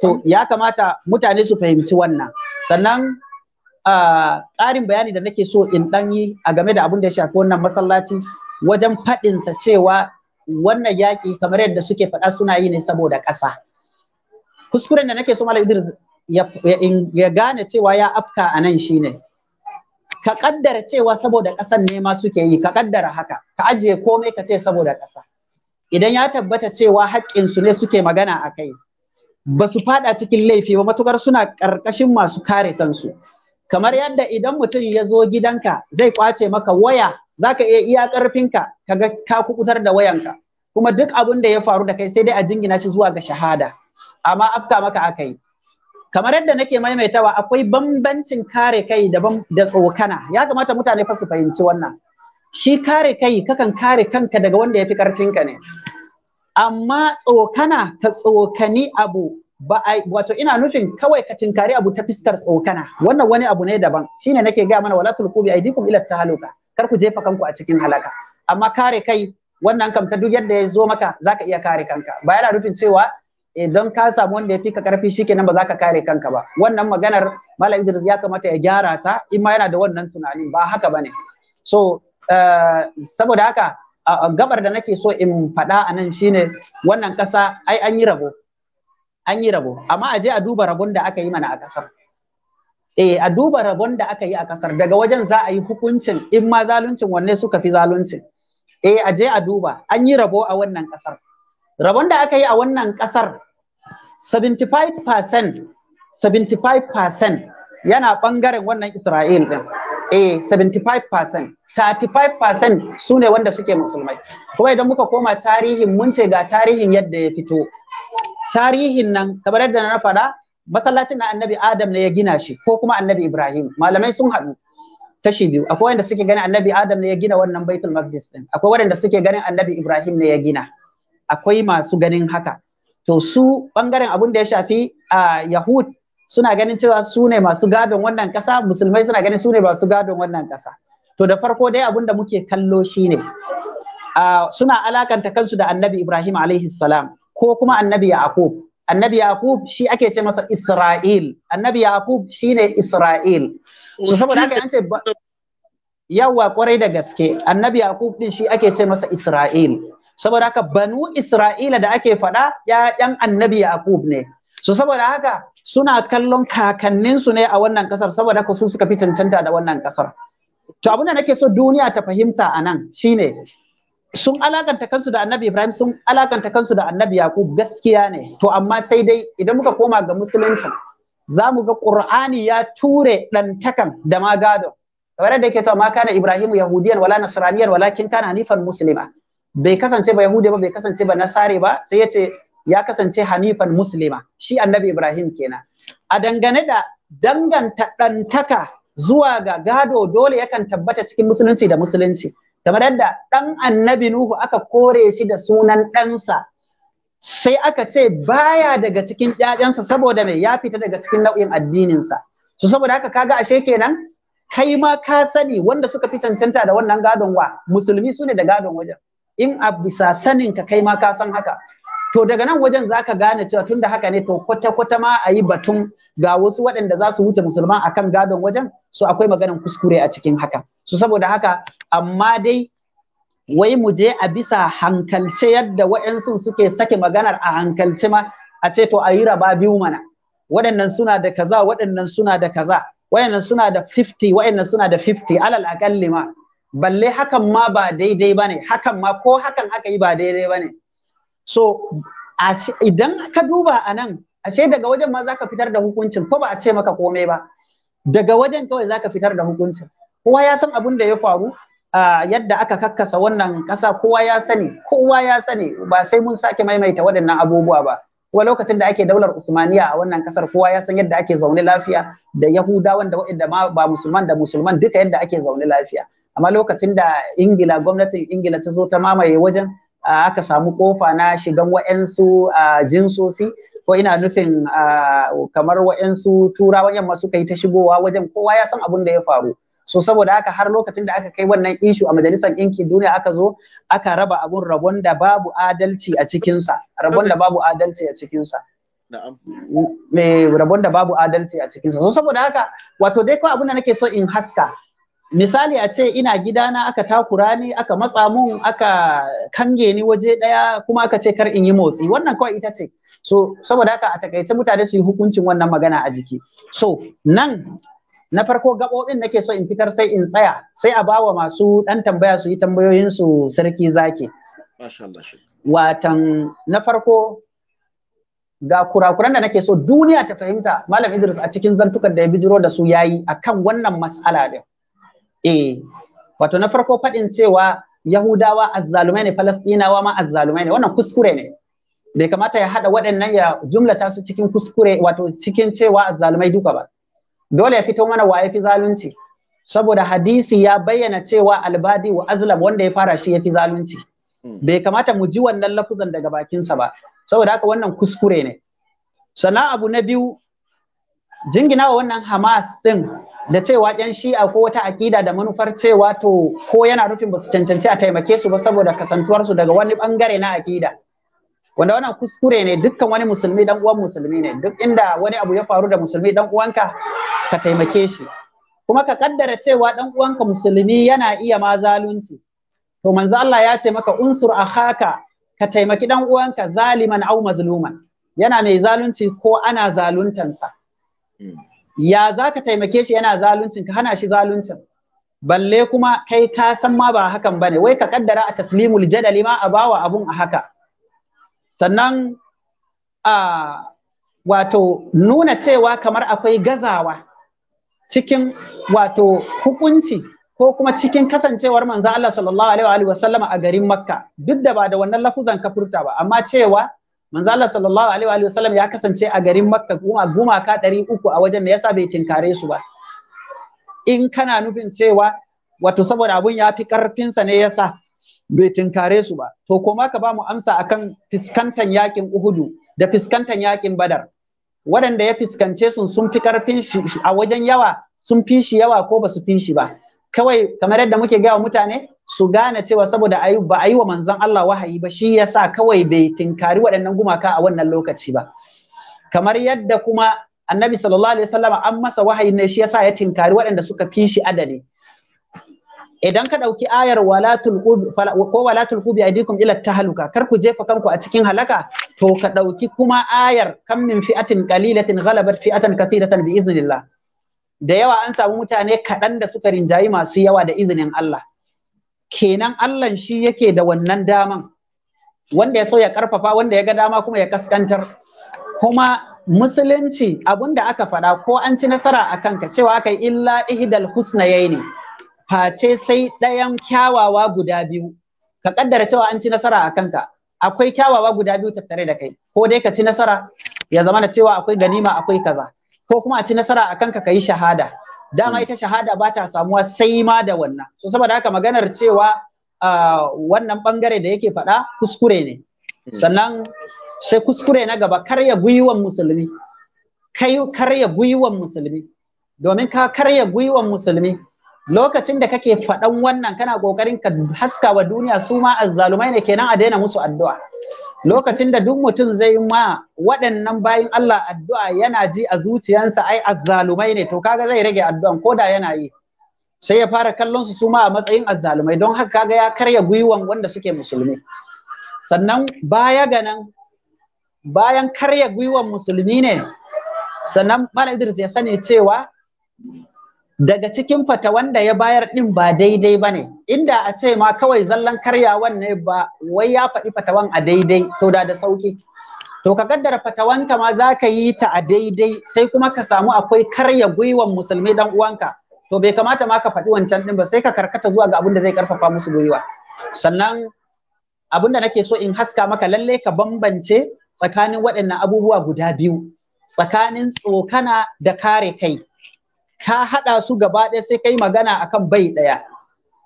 To ya kamata mutane su fahimci wannan. Sannan ƙarin bayani da nake so in ɗan yi a game da abin da ya shafi wannan masallaci wajen faɗinsa cewa wannan yaƙi kamar yadda suke faɗa suna yi ne saboda ƙasa. Kuskuren da nake so Malam Idris ya gane cewa ya afka a nan shine ka kaddara cewa saboda ƙasan ne ma suke yi ka kaddara haka ka ajiye komai ka ce saboda ƙasa idan ya tabbata cewa haƙƙin su ne suke magana a kai ba su fada cikin laifi ba matukar suna karkashin masu kare kansu kamar yadda idan mutum ya zo gidanka zai kwace maka waya zaka iya iya ka ga ka kukutar da wayanka kuma duk abin da ya faru da kai sai dai a jingina shi zuwa ga shahada amma afka maka aka yi kamar yadda nake maimaitawa akwai bambancin kare kai da tsokana ya kamata mutane fa su fahimci wannan shi kare kai kakan kare kanka daga wanda ya fi ƙarfinka ne amma tsokana ka tsokani abu ba wato ina nufin kawai ka tinkari abu ta fiskar tsokana wannan wani abu ne daban shine nake ga mana wala a bi aydikum ila tahaluka kar ku jefa kanku a cikin halaka amma kare kai wannan kam ta duk yadda ya zo maka zaka iya kare kanka ba yana nufin cewa idan ka samu wanda ya fi ka karfi shikenan ba za kare kanka ba wannan maganar malam Idris ya kamata ya gyara ta in ma yana da wannan tunanin ba haka bane so eh, saboda haka gabar da nake so in faɗa a nan shine wannan ƙasa ai an yi rabo an yi rabo amma a je a duba rabon da aka yi mana a ƙasar eh a duba rabon da aka yi a ƙasar daga wajen za a yi hukuncin in ma zaluncin wanne suka fi zaluncin eh a je a duba an yi rabo a wannan ƙasar rabon da aka yi a wannan ƙasar 75% 75% yana ɓangaren wannan Isra'il ɗin eh 75% 35% su ne wanda suke musulmai kuma idan muka koma tarihin mun ce ga tarihin yadda ya fito tarihin nan kamar yadda na faɗa masallacin na annabi adam ne ya gina shi ko kuma annabi ibrahim malamai sun haɗu kashi biyu akwai wanda suke ganin annabi adam ne ya gina wannan baitul maqdis din akwai wanda suke ganin annabi ibrahim ne ya gina akwai masu ganin haka to su bangaren abun da ya shafi a yahud suna ganin cewa su ne masu gadon wannan kasa musulmai suna ganin su ne masu gadon wannan kasa to da farko dai abin da muke kallo shine suna alakanta kansu da annabi Ibrahim alaihi salam ko kuma annabi Yaqub annabi Yaqub shi ake ce masa Isra'il annabi Yaqub shine Isra'il so oh, saboda haka an ce yawa kwarai da gaske annabi Yaqub din shi ake ce masa Isra'il saboda haka banu Isra'ila da ake faɗa ƴaƴan annabi Yaqub ne so saboda haka suna kallon kakanninsu ne a wannan kasar saboda haka su suka fi cancanta da wannan kasar to abin da nake so duniya ta fahimta a nan shine sun alakanta kansu da annabi ibrahim sun alakanta kansu da annabi yaqub gaskiya ne to amma sai dai idan muka koma ga musulunci za mu ga qur'ani ya ture dantakan da magado kamar da yake cewa ma kana ibrahimu yahudiyan wala nasraniyan walakin kana hanifan muslima bai kasance ba yahudi ba bai kasance ba nasare ba sai yace ya kasance hanifan muslima shi annabi ibrahim kenan a dangane da danganta dantaka zuwa ga gado dole yakan tabbata cikin musulunci da musulunci kamar yadda ɗan annabi nuhu aka kore shi da sunan ɗansa sai aka ce baya daga cikin ƴaƴansa saboda mai ya fita daga cikin nau'in addininsa to saboda haka kaga ashe kenan kai ma ka sani wanda suka fi cancanta da wannan gadon wa musulmi sune da gadon wajen in a bisa saninka kai ma ka san haka to daga nan wajen za ka gane cewa tunda haka ne to kwata kwata ma a yi batun ga wasu waɗanda za su wuce musulman akan gadon wajen so akwai maganar kuskure a cikin haka so saboda haka amma dai wai mu je a bisa hankalce yadda waɗansu suke sake maganar a hankalce ma a ce to a yi raba biyu mana waɗannan suna da kaza waɗannan suna da kaza waɗannan suna da 50 waɗannan suna da 50 alal aƙalli ma balle hakan ma ba daidai bane hakan ma ko hakan aka yi ba daidai bane so idan ka duba a nan ashe daga wajen ma zaka fitar da hukuncin ko ba a ce maka komai ba daga wajen kawai zaka fitar da hukuncin kowa ya san abin da ya faru yadda aka kakkasa wannan ƙasa kowa ya sani kowa ya sani ba sai mun sake maimaita waɗannan abubuwa ba kuma lokacin da ake daular usmaniya a wannan kasar kowa ya san yadda ake zaune lafiya da yahudawan da waɗanda ma ba musulman da musulman duka yadda ake zaune lafiya amma lokacin da ingila gwamnatin ingila ta zo ta mamaye wajen aka samu kofa na shigan wa'yansu jinsosi ko ina nufin kamar wa'yansu turawan yamma suka yi ta shigowa wajen kowa ya san abin da ya faru so saboda haka har lokacin da aka kai wannan ishu a majalisar ɗinkin duniya aka zo aka raba abun rabon da babu adalci a cikinsa rabon da babu adalci a cikinsa me rabon da babu adalci a cikinsa so saboda haka wato dai kawai abin da nake so in haska misali a ce ina gidana aka takura ni aka matsa mun aka kange ni waje daya kuma aka ce kar in yi motsi wannan kawai ita ce so saboda haka a takaice mutane su yi hukuncin wannan magana a jiki so nan na farko gabobin nake so in fitar sai in tsaya sai a bawa masu dan tambaya su yi tambayoyin su sarki zaki watan na farko ga kurakuran da nake so duniya ta fahimta malam Idris a cikin zantukan da ya bijiro da su yayi akan wannan mas'ala din eh wato na farko faɗin cewa Yahudawa azzalumai ne Falasɗinawa ma azzalumai ne wannan kuskure ne bai kamata ya haɗa waɗannan ya jumlata su cikin kuskure wato cikin cewa azzalumai duka ba dole ya fito mana waye fi zalunci saboda hadisi ya bayyana cewa albadi wa azlam wanda ya fara shi ya fi zalunci hmm. bai kamata mu ji wannan lafuzan daga bakinsa ba saboda haka wannan kuskure ne Sana abu na biyu jingina wa wannan hamas ɗin. da cewa yan shi'a ko wata akida da manufar cewa to ko yana rufin ba su cancanci a taimake su ba saboda kasantuwar su daga wani bangare na akida wanda wannan kuskure ne dukkan wani musulmi dan uwan musulmi ne duk inda wani abu ya faru da musulmi dan uwanka ka taimake shi kuma ka kaddara cewa dan uwanka musulmi yana iya ma zalunci to manzo Allah ya ce maka unsur akhaka ka taimaki dan uwanka zaliman au mazluman yana mai zalunci ko ana zaluntansa hmm. ya za ka taimake shi yana zaluncin ka hana shi zaluncin balle kuma kai ka san ma ba hakan bane wai ka kaddara a taslimul jadali ma a bawa abun a haka sannan a wato nuna cewa kamar akwai gazawa cikin wato hukunci ko kuma cikin kasancewar manzo Allah sallallahu alaihi wa sallama a garin Makka duk da ba da wannan lafuzan ka furta ba amma cewa manzo Allah sallallahu alaihi wa ya kasance a garin Makka guma ɗari uku a wajen me yasa bai tinkare su ba in kana nufin cewa wato saboda abun ya fi ƙarfinsa ne yasa bai tinkare su ba to koma ka ba mu amsa akan fiskantan yakin Uhudu da fiskantan yakin Badar waɗanda ya fiskance sun sun fi karfin shi a wajen yawa sun fi shi yawa ko ba su fi shi ba kawai kamar yadda muke gaya wa mutane su gane cewa saboda ba a yi wa manzon Allah wahayi ba shi yasa kawai bai tinkari waɗannan gumaka a wannan lokaci ba kamar yadda kuma annabi sallallahu alaihi wasallam an masa wahayi ne shi yasa ya tinkari waɗanda suka fi shi adadi idan ka ɗauki ayar walatul ko walatul kubi aidikum ila tahaluka kar ku jefa kanku a cikin halaka to ka ɗauki kuma ayar kam min fi'atin qalilatin ghalabat fi'atan kathiratan bi iznillah da yawa an samu mutane kaɗan da suka rinjayi masu yawa da izinin Allah kenan Allah shi yake da wannan daman wanda ya so ya karfafa wanda ya ga dama kuma ya kaskantar kuma musulunci abinda aka faɗa ko an ci nasara a kanka cewa aka yi illa ihdal husnayai ne face sai ɗayan kyawawa guda biyu ka kaddara cewa an ci nasara a kanka akwai kyawawa guda biyu tattare da kai ko dai ka ci nasara ya zama na cewa akwai ganima akwai kaza ko kuma a ci nasara a kanka ka yi shahada dama ita shahada ba ta samuwa sai ma da wannan so saboda haka maganar cewa wannan bangare da yake faɗa kuskure ne hmm. sannan sai kuskure na gaba karya gwiwan musulmi kai karya gwiwan musulmi domin ka karya gwiwan musulmi lokacin da kake faɗan wannan kana ƙoƙarin ka haska duniya su ma azzalumai ne kenan a daina musu addu'a lokacin da duk mutum zai ma waɗannan bayin Allah addu'a yana ji a zuciyarsa ai azzalumai ne to kaga zai rage addu'an ko da yana yi sai ya fara kallon su suma a matsayin azzalumai don haka kaga ya karya gwiwan wanda suke musulmi sannan baya ga nan bayan karya gwiwan musulmi ne sannan Malam Idris ya sani cewa daga cikin fata wanda ya bayar din ba daidai ba ne inda a ce ma kawai zallan karyawan ne ba wai ya faɗi fatawan a daidai to da da sauki to ka kaddara fatawanka ma za ka yi ta a daidai sai kuma ka samu akwai karya gwiwan musulmi dan uwanka to bai kamata ma ka faɗi wancan din ba sai ka karkata zuwa ga abin da zai karfafa musu gwiwa sannan abin da nake so in haska maka lalle ka bambance tsakanin waɗannan abubuwa guda biyu tsakanin tsokana da kare kai ka haɗa su gaba ɗaya sai kai magana akan bai ɗaya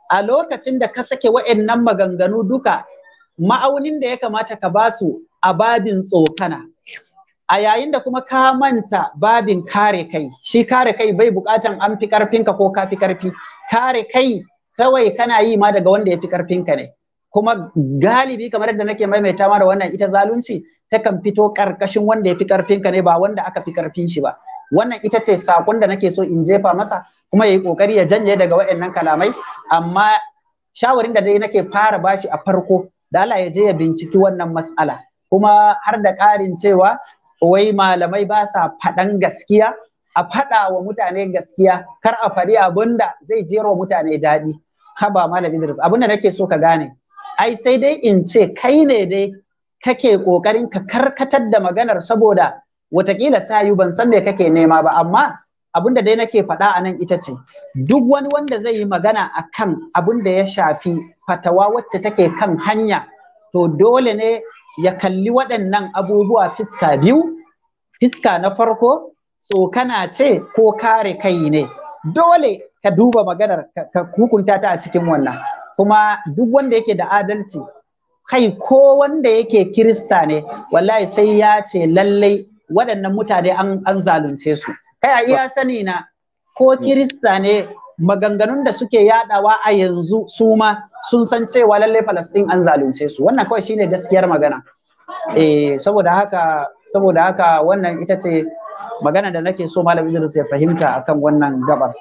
a lokacin da ka sake wa'annan maganganu duka ma'aunin da ya kamata ka ba su a babin tsokana a yayin da kuma ka manta babin kare kai shi kare kai bai bukatan an fi karfinka ko ka fi karfi kare kai kawai kana yi ma daga wanda ya fi karfinka ne kuma galibi kamar yadda nake maimaita ma da wannan ita zalunci takan fito ƙarƙashin wanda ya fi ƙarfinka ne ba wanda aka fi karfin shi ba wannan ita ce sakon da nake so in jefa masa kuma ya yi kokari ya janye daga waɗannan kalamai amma shawarin da dai nake fara bashi a farko da Allah ya je ya binciki wannan matsala. kuma har da ƙarin cewa wai malamai ba sa faɗan gaskiya a faɗa wa mutane gaskiya kar a fari abin zai jero mutane daɗi ba malamin Idris abin da nake so ka gane ai sai dai in ce kai ne dai kake ƙoƙarin ka karkatar da maganar saboda Wataƙila ta yi ban san me kake nema ba amma abin da dai nake faɗa a nan ita ce duk wani wanda zai yi magana a kan abin da ya shafi fatawa wacce take kan hanya to dole ne ya kalli waɗannan abubuwa fiska biyu fiska na farko tsokana ce ko kare kai ne dole ka duba maganar ka hukunta ta a cikin wannan kuma duk wanda yake da adalci kai ko wanda yake kirista ne wallahi sai ya ce lallai waɗannan mutane an an zalunce su kai a iya sani na ko hmm. kirista ne maganganun da suke yaɗawa a yanzu su ma sun san cewa lallai Falastin an zalunce su wannan kawai shine gaskiyar magana eh saboda haka saboda haka wannan ita ce magana da nake so malam Idris ya fahimta akan wannan gabar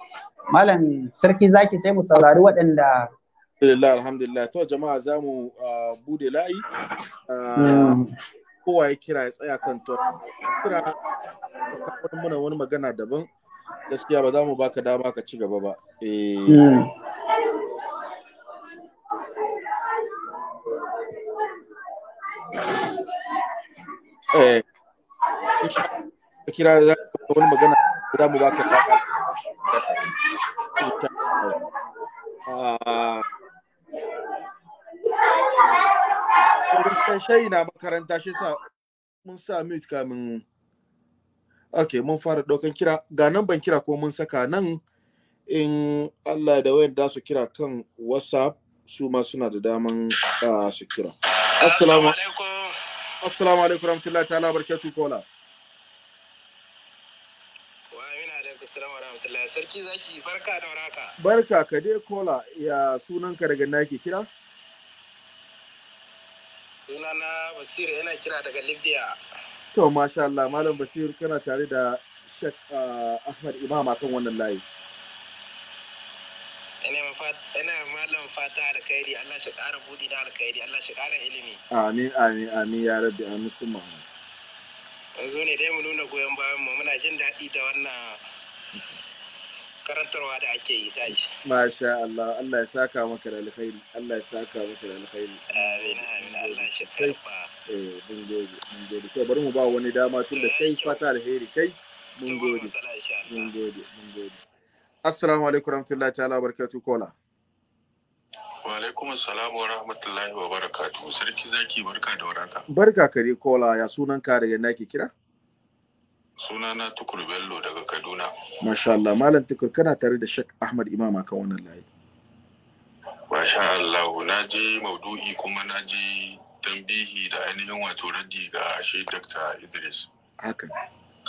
malam sarki zaki sai mu saurari waɗanda alhamdulillah alhamdulillah to jama'a zamu ah, bude layi ah, hmm. kowa ya kira ya tsaya kan to kira ka muna wani magana daban gaskiya ba za mu baka dama ka ci gaba ba eh hmm. eh kira za wani magana za mu baka dama ah Gaskiya shayi na makaranta shi sa mun sa mute kamin Ok, mun fara ɗaukan kira ga nan ban kira ko mun saka nan in Allah da wayan da su kira kan WhatsApp su ma suna da daman su kira. Assalamu alaikum. Assalamu alaikum rahmatullahi ta'ala barkatu kola. Sarki zaki barka da waraka. Barka ka dai kola ya sunanka daga naki kira? sunana basir yana kira daga libya to masha Allah malam basir kana tare da shek uh, ahmad imam akan wannan layi ina malam fata alkhairi Allah shi kara buɗi na alkhairi Allah shi kara ilimi amin amin amin ya rabbi amin su yanzu ne dai mu nuna goyon bayan mu muna jin daɗi da wannan karantarwa da ake yi tashi. Masha Allah, Allah ya saka maka da alkhairi, Allah ya saka maka da alkhairi. Amin, amin, Allah shi karba. Eh, mun gode, mun gode. To bari mu ba wani dama tun da kai fata alheri kai. Mun gode. Mun gode, mun gode. Assalamu alaikum warahmatullahi ta'ala barakatuh kola. Wa alaikum assalam wa rahmatullahi wa barakatuh. Sarki zaki barka da waraka. Barka kare kola ya sunan ka daga naki kira? sunana tukur bello daga kaduna masha Allah malam tukur kana tare da shek Ahmad Imam akan wannan layi masha Allah na ji maudu'i kuma na ji tambihi da ainihin wato raddi ga shi Dr. Idris haka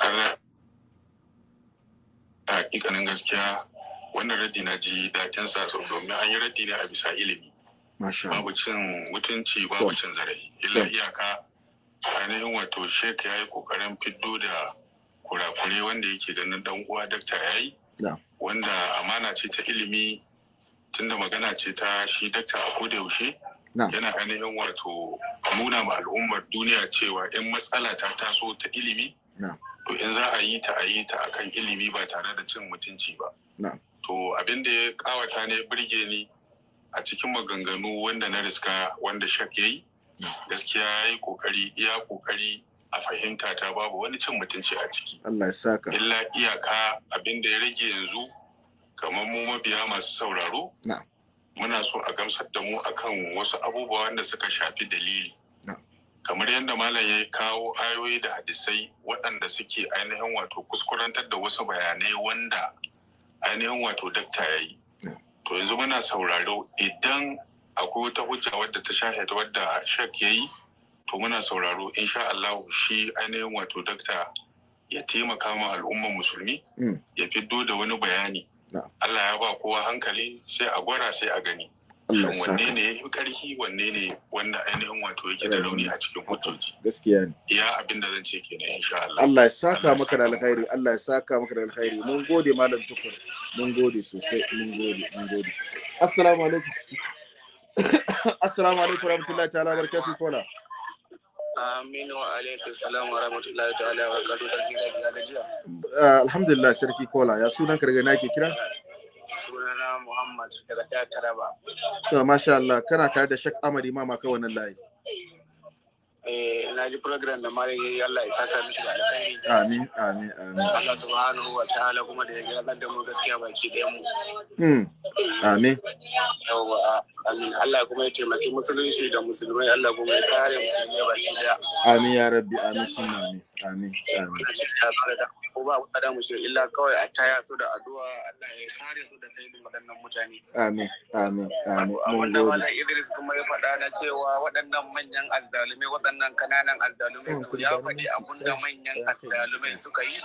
ana hakikanin gaskiya wannan raddi na ji daɗin sa domin an yi raddi ne a bisa ilimi babu cin mutunci babu cin zarafi illa iyaka ainihin wato shek ya yi kokarin fiddo da kurakure wanda yake ganin dan uwa dakta ya yi wanda amana ce ta ilimi tunda magana ce ta shi dakta a koda yaushe yana ainihin wato nuna ma al'ummar duniya cewa in matsala ta taso ta ilimi to in za a yi ta a yi ta akan ilimi ba tare da cin mutunci ba to abin da ya kawata ne birge ni a cikin maganganu wanda na riska wanda shak ya yi gaskiya ya yi kokari iya kokari a fahimta ta babu wani cin mutunci a ciki Allah ya saka illa iyaka abin da ya rage yanzu kamar mu mabiya masu sauraro muna so a gamsar da mu akan wasu abubuwa wanda suka shafi dalili kamar yadda malam ya kawo ayoyi da hadisai waɗanda suke ainihin wato kuskurantar da wasu bayanai wanda ainihin wato dakta ya yi to yanzu muna sauraro idan akwai wata hujja wadda ta shahid wadda shak ya yi to muna sauraro insha Allah shi ainihin wato dakta ya taimaka ma al'umman musulmi hmm. ya fiddo da wani bayani Allah ya ba kowa hankali sai a gwara sai a gani shin wanne ne ya yi karfi wanne ne wanda ainihin wato yake da rauni a cikin hujjoji gaskiya ne ya abin da zan ce kenan insha Allah Allah ya saka maka da alkhairi Allah ya saka maka da alkhairi mun gode malam tukur mun gode sosai mun gode mun gode assalamu alaikum assalamu alaikum warahmatullahi ta'ala barakatuh kola Aminu alaikum salam wa rahmatullahi ta'ala wa barakatuh. Ah, alhamdulillah sarki kola ya sunan ka daga na ke kira? Sunana Muhammad daga Takaraba. To masha Allah kana kare da Sheikh Amadi ma maka wannan layi. Eh, na ji program da mara yayi Allah ya saka mishi da alkhairi amin amin amin Allah subhanahu wa ta'ala kuma da ya ganar da mu gaskiya ba baki da mu hmm, amin yawa amin Allah kuma ya taimaki musulunci da musulmai Allah kuma ya kare musulmai baki da amin ya rabbi amin sun amin Amin. Amin. ba ku kada mu illa kawai a taya su da addu'a Allah ya kare su da kai waɗannan mutane. Amin. Amin. Amin. Wanda Malam Idris kuma ya faɗa na cewa waɗannan manyan azzalumai waɗannan kananan azzalumai ya faɗi abun da manyan azzalumai suka yi.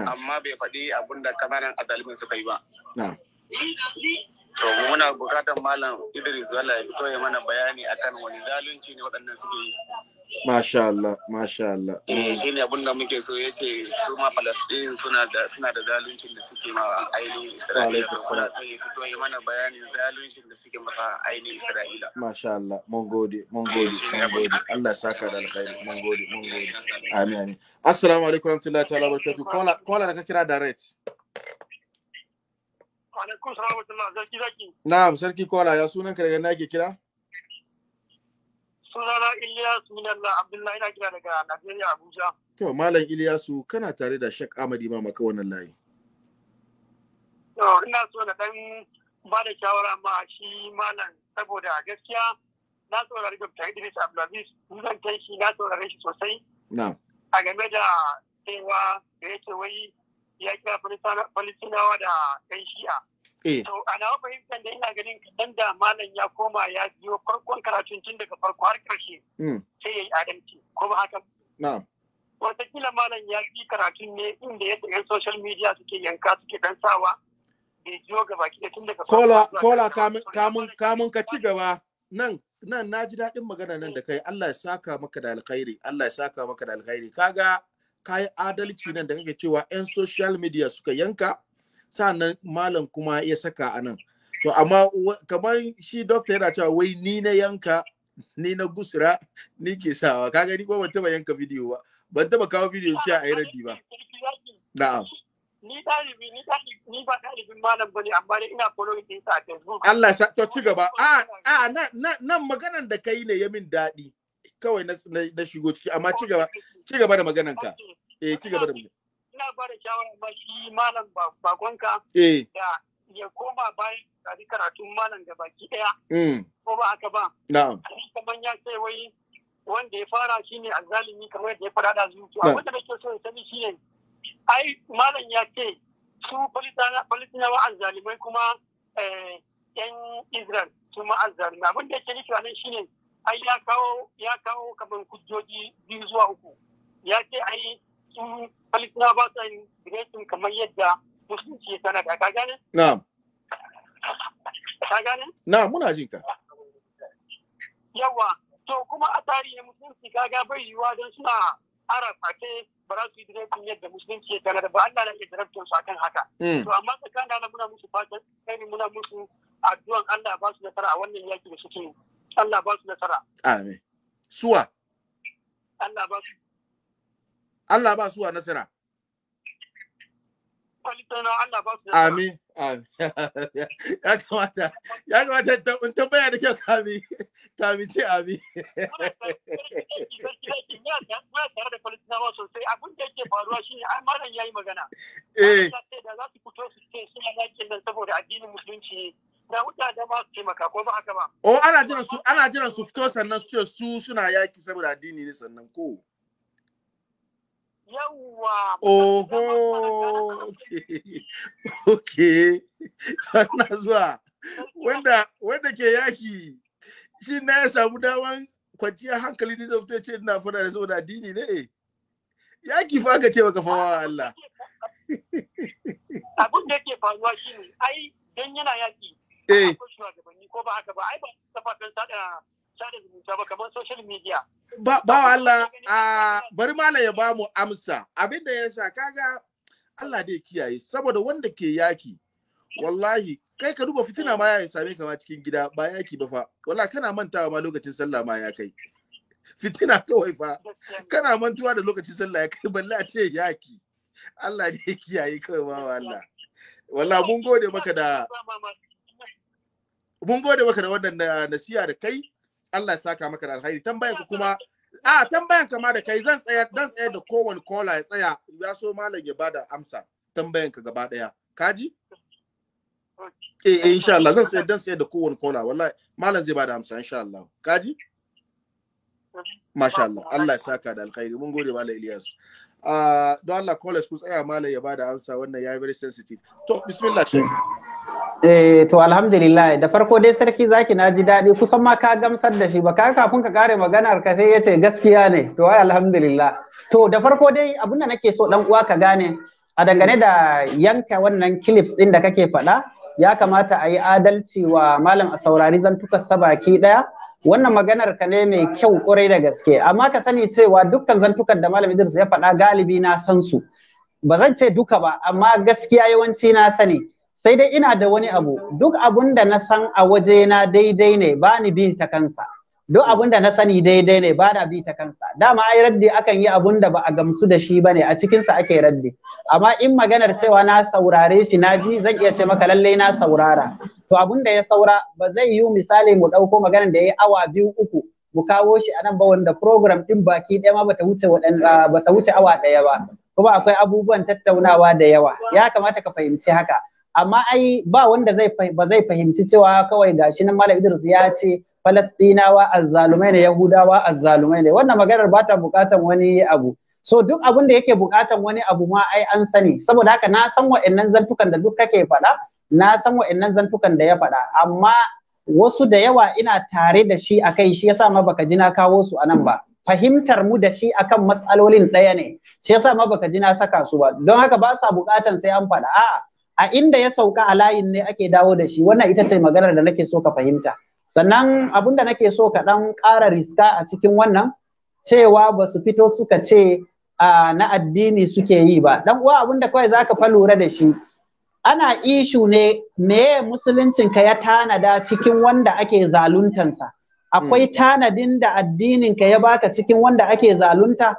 Amma bai faɗi abun da kananan azzalumai suka yi ba. To muna bukatar Malam Idris wala ya fito ya mana bayani akan wani zalunci ne waɗannan suke yi. Masha Allah, Masha Allah. Eh, shi ne abin da muke so ya ce su ma Falasɗin suna da suna da zaluncin da suke ma ainihin Isra'ila. Kuma sai ya fito ya mana bayanin zaluncin da suke masa ainihin Isra'ila. Masha Allah, mun gode, mun gode, eh, mun gode. Allah saka da alkhairi, mun gode, mun gode. Amin, amin. Assalamu alaikum warahmatullahi ta'ala barakatuh. Kola, kola da ka kira direct. Alaikum salam wa rahmatullahi. Sarki zaki. Na'am, sarki kola, ya sunan ka daga na ke kira? sunana Ilyas Minalla Abdullahi ina kira daga Najeriya Abuja. To Malam Ilyasu kana tare da Shak Amadi ma maka wannan layi. To ina so na dan ba da shawara ma shi Malam saboda gaskiya na saurari Dr. Idris Abdulaziz zan kai shi na saurare shi sosai. Na'am. A game da cewa da yake wai ya kira Falistinawa da ɗan Shi'a. Eh. To a nawa fahimtar da ina ganin kaɗan da malam ya koma ya biyo farkon karatun tun daga farko har ƙarshe. Hmm. Sai ya yi adalci ko ba haka. Na'am. Wataƙila malam ya fi karatun ne inda yadda 'yan social media suke yanka suke dan sawa. Bai jiyo gaba ki tun daga farko. Kola kola kamun kamun ka ci gaba nan nan na ji daɗin magana nan da eh. kai Allah ya saka maka da alkhairi Allah ya saka maka da alkhairi kaga kai adalci nan da kake cewa 'yan social media suka yanka sa'annan malam kuma ya saka a nan to amma kamar shi doctor yana cewa wai ni na yanka ni na gusura ni ke sawa Ka ni ko ban taba yanka bidiyo ba ban taba kawo bidiyo ce a yi raddi ba na'am ni ɗalibi ni ni ba ɗalibin malam bane amma ne ina following din sa a Facebook Allah sa to ci gaba a a nan nan maganan da kai ne ya min daɗi kawai na shigo ciki amma ci gaba ci gaba da maganan ka eh ci gaba da maganan ina ba da shawarar ba shi malam bakonka eh. da ya koma bayan kari karatun malam da baki daya hmm. ko ba haka ba na'am kamar ya ce wai wanda ya fara shi a azalimi kamar da ya fara da zuciya wanda da ke so ya sani ne ai malam ya ce su palestinawa zalimai kuma eh, yan israel su ma azzalimai abin da yake nufi shi ne ai ya kawo ya kawo kamar kujjoji biyu zuwa uku ya ce ai su halitta ba sa yin dressing kamar yadda musulunci ya sanada ka gane? na'am ka gane? Na muna jin ka yawa to kuma a tarihin musulunci kaga bai yiwuwa don suna arab ake ba za su yi dressing yadda musulunci ya da ba Allah na iya dressing su akan haka hmm. to amma tsakanin Allah muna musu fatan kai muna musu addu'an Allah ba su nasara a wannan yaki da suke Allah ba su nasara amin suwa Allah ba su Allah ba su wa nasara Amin. Ya kamata, ya kamata in tambaya da kyau kami, kami ce amin. Muna tare da sosai, abin yake faruwa shi ne, ya yi magana. Eh. Da za su fito su saboda addinin musulunci da su taimaka ko Oh, ana jiran su, ana jiran su fito sannan su ce su suna yaki saboda addini ne sannan ko. Yawwa. Oho. Okay. Okay. Tana zuwa. Wanda wanda ke yaki shi na ya samu daman kwanciyar hankali ne zai ce ina fada da saboda addini ne. Yaki fa ka ce baka fawa Allah. Abin da yake faruwa shi ne ai don yana yaki. Eh. Ko ba haka ba ai ba ta fatan sada sada zumunta ba kamar social media. ba Allah ah, a bari malam ya bamu amsa abin da ya sa kaga Allah dai kiyaye saboda wanda ke yaki wallahi kai ka duba fitina ma eh. ya same ka ma cikin gida ba yaki ba fa wallahi kana mantawa ma lokacin sallah ma ya kai fitina kawai fa kana mantuwa da lokacin sallah ya kai balle a ce yaki Allah dai kiyaye kawai ba Allah wallahi mun gode maka da mun gode maka da wannan ah, nasiha da kai Allah ya saka maka da alkhairi tambayar ka kuma a tambayan kama da kai zan tsaya dan tsaya da kowane kola ya tsaya ya so malam ya bada amsa tambayan ka gaba daya kaji eh eh insha Allah zan tsaya dan tsaya da kowane kola wallahi malam zai bada amsa insha Allah kaji Masha Allah, Allah ya saka da alkhairi. Mun gode Malam Ilyas. Ah, don Allah kola ku tsaya malam ya bada amsa wannan ya very sensitive to bismillah shi eh to alhamdulillah da farko dai sarki zaki na ji daɗi kusan ma ka gamsar da shi ba ka kafin ka kare maganar ka sai yace gaskiya ne to ai alhamdulillah to da farko dai abin da nake so dan uwa ka gane a dangane da yanka wannan clips ɗin da kake faɗa ya kamata a yi adalci wa malam a saurari zantukar sa baki ɗaya wannan maganar ka ne mai kyau kwarai da gaske amma ka sani cewa dukkan zantukan da malam Idris ya faɗa galibi na san su ba zan ce duka ba amma gaskiya yawanci na sani sai dai ina da wani abu duk abun da na san a waje na daidai ne ba ni bin ta kansa duk abin da na sani daidai ne ba na bi ta kansa dama ai raddi akan yi abun da ba a gamsu da shi bane a cikin sa ake raddi amma in maganar cewa na saurare shi na ji zan iya ce maka lallai na saurara to abun da ya saura ba zai yi misali mu ɗauko maganar da ya yi awa biyu uku mu kawo shi a nan ba wanda program ɗin baki ɗaya ma bata wuce bata wuce awa ɗaya ba kuma akwai abubuwan tattaunawa da yawa ya kamata ka fahimci haka amma ai ba wanda zai ba zai fahimci cewa kawai gashi nan malam Idris ya ce falastinawa azzalumai ne yahudawa azzalumai ne wannan maganar ba ta bukatan wani abu so duk abin da yake bukatan wani abu ma ai an sani saboda haka na san wa'annan zantukan da duk kake faɗa na san wa'annan zantukan da ya faɗa amma wasu da yawa ina tare da shi akai shi yasa ma baka ji kawo su anan ba fahimtar mu da shi akan matsalolin ɗaya ne shi yasa ma baka jina saka su ba don haka ba sa bukatan sai an faɗa a'a a inda ya sauka a layin ne ake dawo da shi wannan ita ce maganar da nake so ka fahimta sannan abin da nake so ka kaɗan ƙara riska a cikin wannan cewa ba su fito suka ce na addini suke yi ba dan uwa abin da kawai zaka fa lura da shi ana ishu ne meye musuluncinka ya tanada cikin wanda ake zaluntansa akwai hmm. tanadin da addinin ka ya baka cikin wanda ake zalunta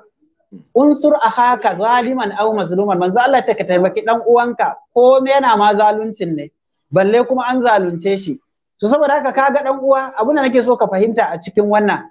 unsur a haka zaliman au mazluman manzo Allah ce ka taimaki dan uwanka ko yana ma zaluncin ne balle kuma an zalunce shi to saboda haka kaga dan uwa abin da nake so ka fahimta a cikin wannan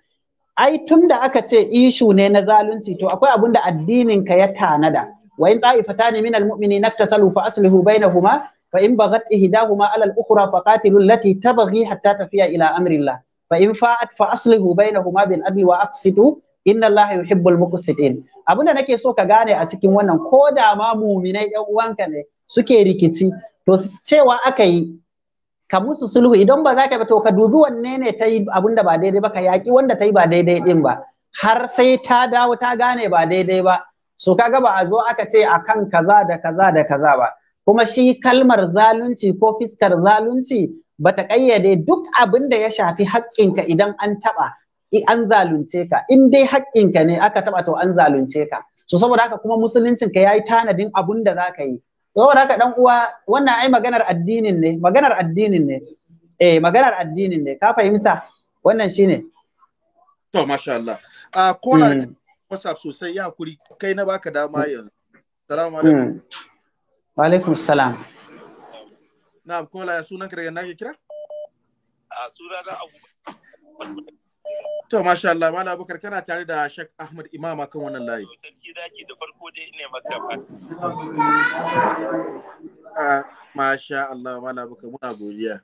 ai tun da aka ce ishu ne na zalunci to akwai abun da addinin ka ya tanada wa in ta'ifatani minal mumini iktatalu fa aslihu bainahuma fa in baghat ihdahuma ala al-ukhra fa qatilu allati tabghi hatta tafiya ila amrillah fa in fa'at fa aslihu bainahuma bil adli wa aqsitu inna allaha yuhibbul muqsitin abin da nake so ka gane a cikin wannan ko da ma muminai yan uwanka ne suke rikici to cewa aka yi ka musu sulhu idan ba za ka ba to ka dubi wanne ne ta yi abin da ba daidai ba ka yaƙi wanda ta yi ba daidai din ba har sai ta dawo ta gane ba daidai ba so kaga ba a zo aka ce a kan kaza da kaza da kaza ba kuma shi kalmar zalunci ko fiskar zalunci ba ta ƙayyade duk abin da ya shafi haƙƙinka idan an taɓa an zalunce ka in dai haƙƙinka ne aka taɓa to an zalunce ka so saboda haka kuma musuluncinka ya yi tanadin abun da za ka yi saboda haka dan uwa wannan ai maganar addinin ne maganar addinin ne eh maganar addinin ne ka fahimta wannan shine to masha Allah a kona da hmm. WhatsApp sosai ya kuri kai na baka dama hmm. yanzu assalamu alaikum hmm. wa alaikum salam na'am kola ya sunan ka daga nake kira a ga Abu To masha Allah Malam Abubakar kana tare da Sheikh Ahmad Imam kan wannan layi. Sarki zaki da farko dai ina maka fa. Masha Allah Malam Abubakar muna godiya.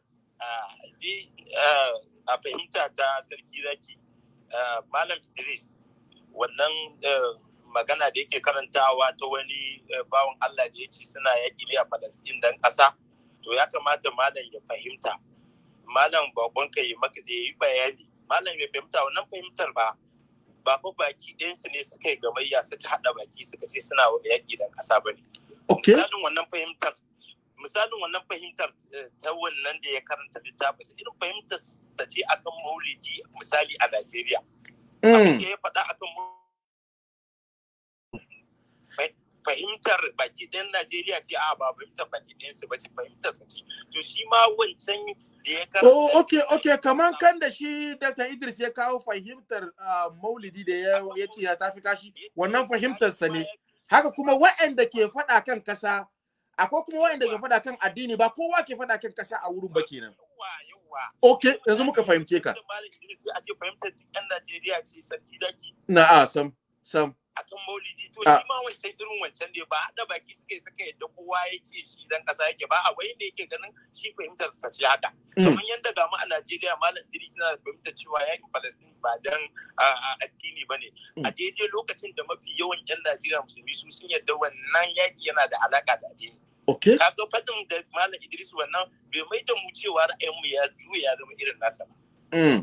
a fahimta ta sarki zaki Malam Idris wannan magana da yake karantawa ta wani bawan Allah da ya ce suna yaƙi ne a Falasɗin dan ƙasa to ya kamata malam ya fahimta malam bakonka ya maka da yi bayani malam ya fahimta wannan fahimtar ba ba ko baki su ne suka yi gamayya suka haɗa baki suka ce suna yaƙi da ƙasa ba ne. Misalin wannan fahimtar misalin wannan fahimtar eh, ta wannan da ya karanta littafinsa irin fahimtar ta ce akan maulidi misali a Najeriya. Mm. Abin da ya faɗa akan fahimtar baki ɗayan Najeriya ce a ba fahimtar baki ɗayan su ba ce fahimtar su ce to shi ma wancan da ya karanta oh okay okay kaman ah. kan da shi daga Idris ya kawo fahimtar ah, Maulidi da ya ce ya tafi kashi wannan fahimtar sa ne haka kuma waɗanda ke faɗa kan kasa akwai kuma waɗanda ke faɗa kan addini ba kowa ke faɗa kan kasa a wurin ba kenan Ok, yanzu muka fahimce ka. Na'a, sam, sam. akan maulidi to ah. shi ma wancan irin wancan ne ba haɗa baki suke suka yadda kowa ya ce shi dan ƙasa yake ba a wai ne yake ganin shi fahimtar sa ce haka mm. kamar yadda ga mu a Najeriya malam suna da fahimtar cewa yakin falastin ba dan addini ba ne. Mm. a daidai lokacin da mafi yawan yan Najeriya musulmi su sun yadda wannan yaki yana da alaka da addini Kaga fadin da Malam Idris wannan bai mai da mu cewa ra'ayinmu ya juya ya zama irin nasa ba. Mm.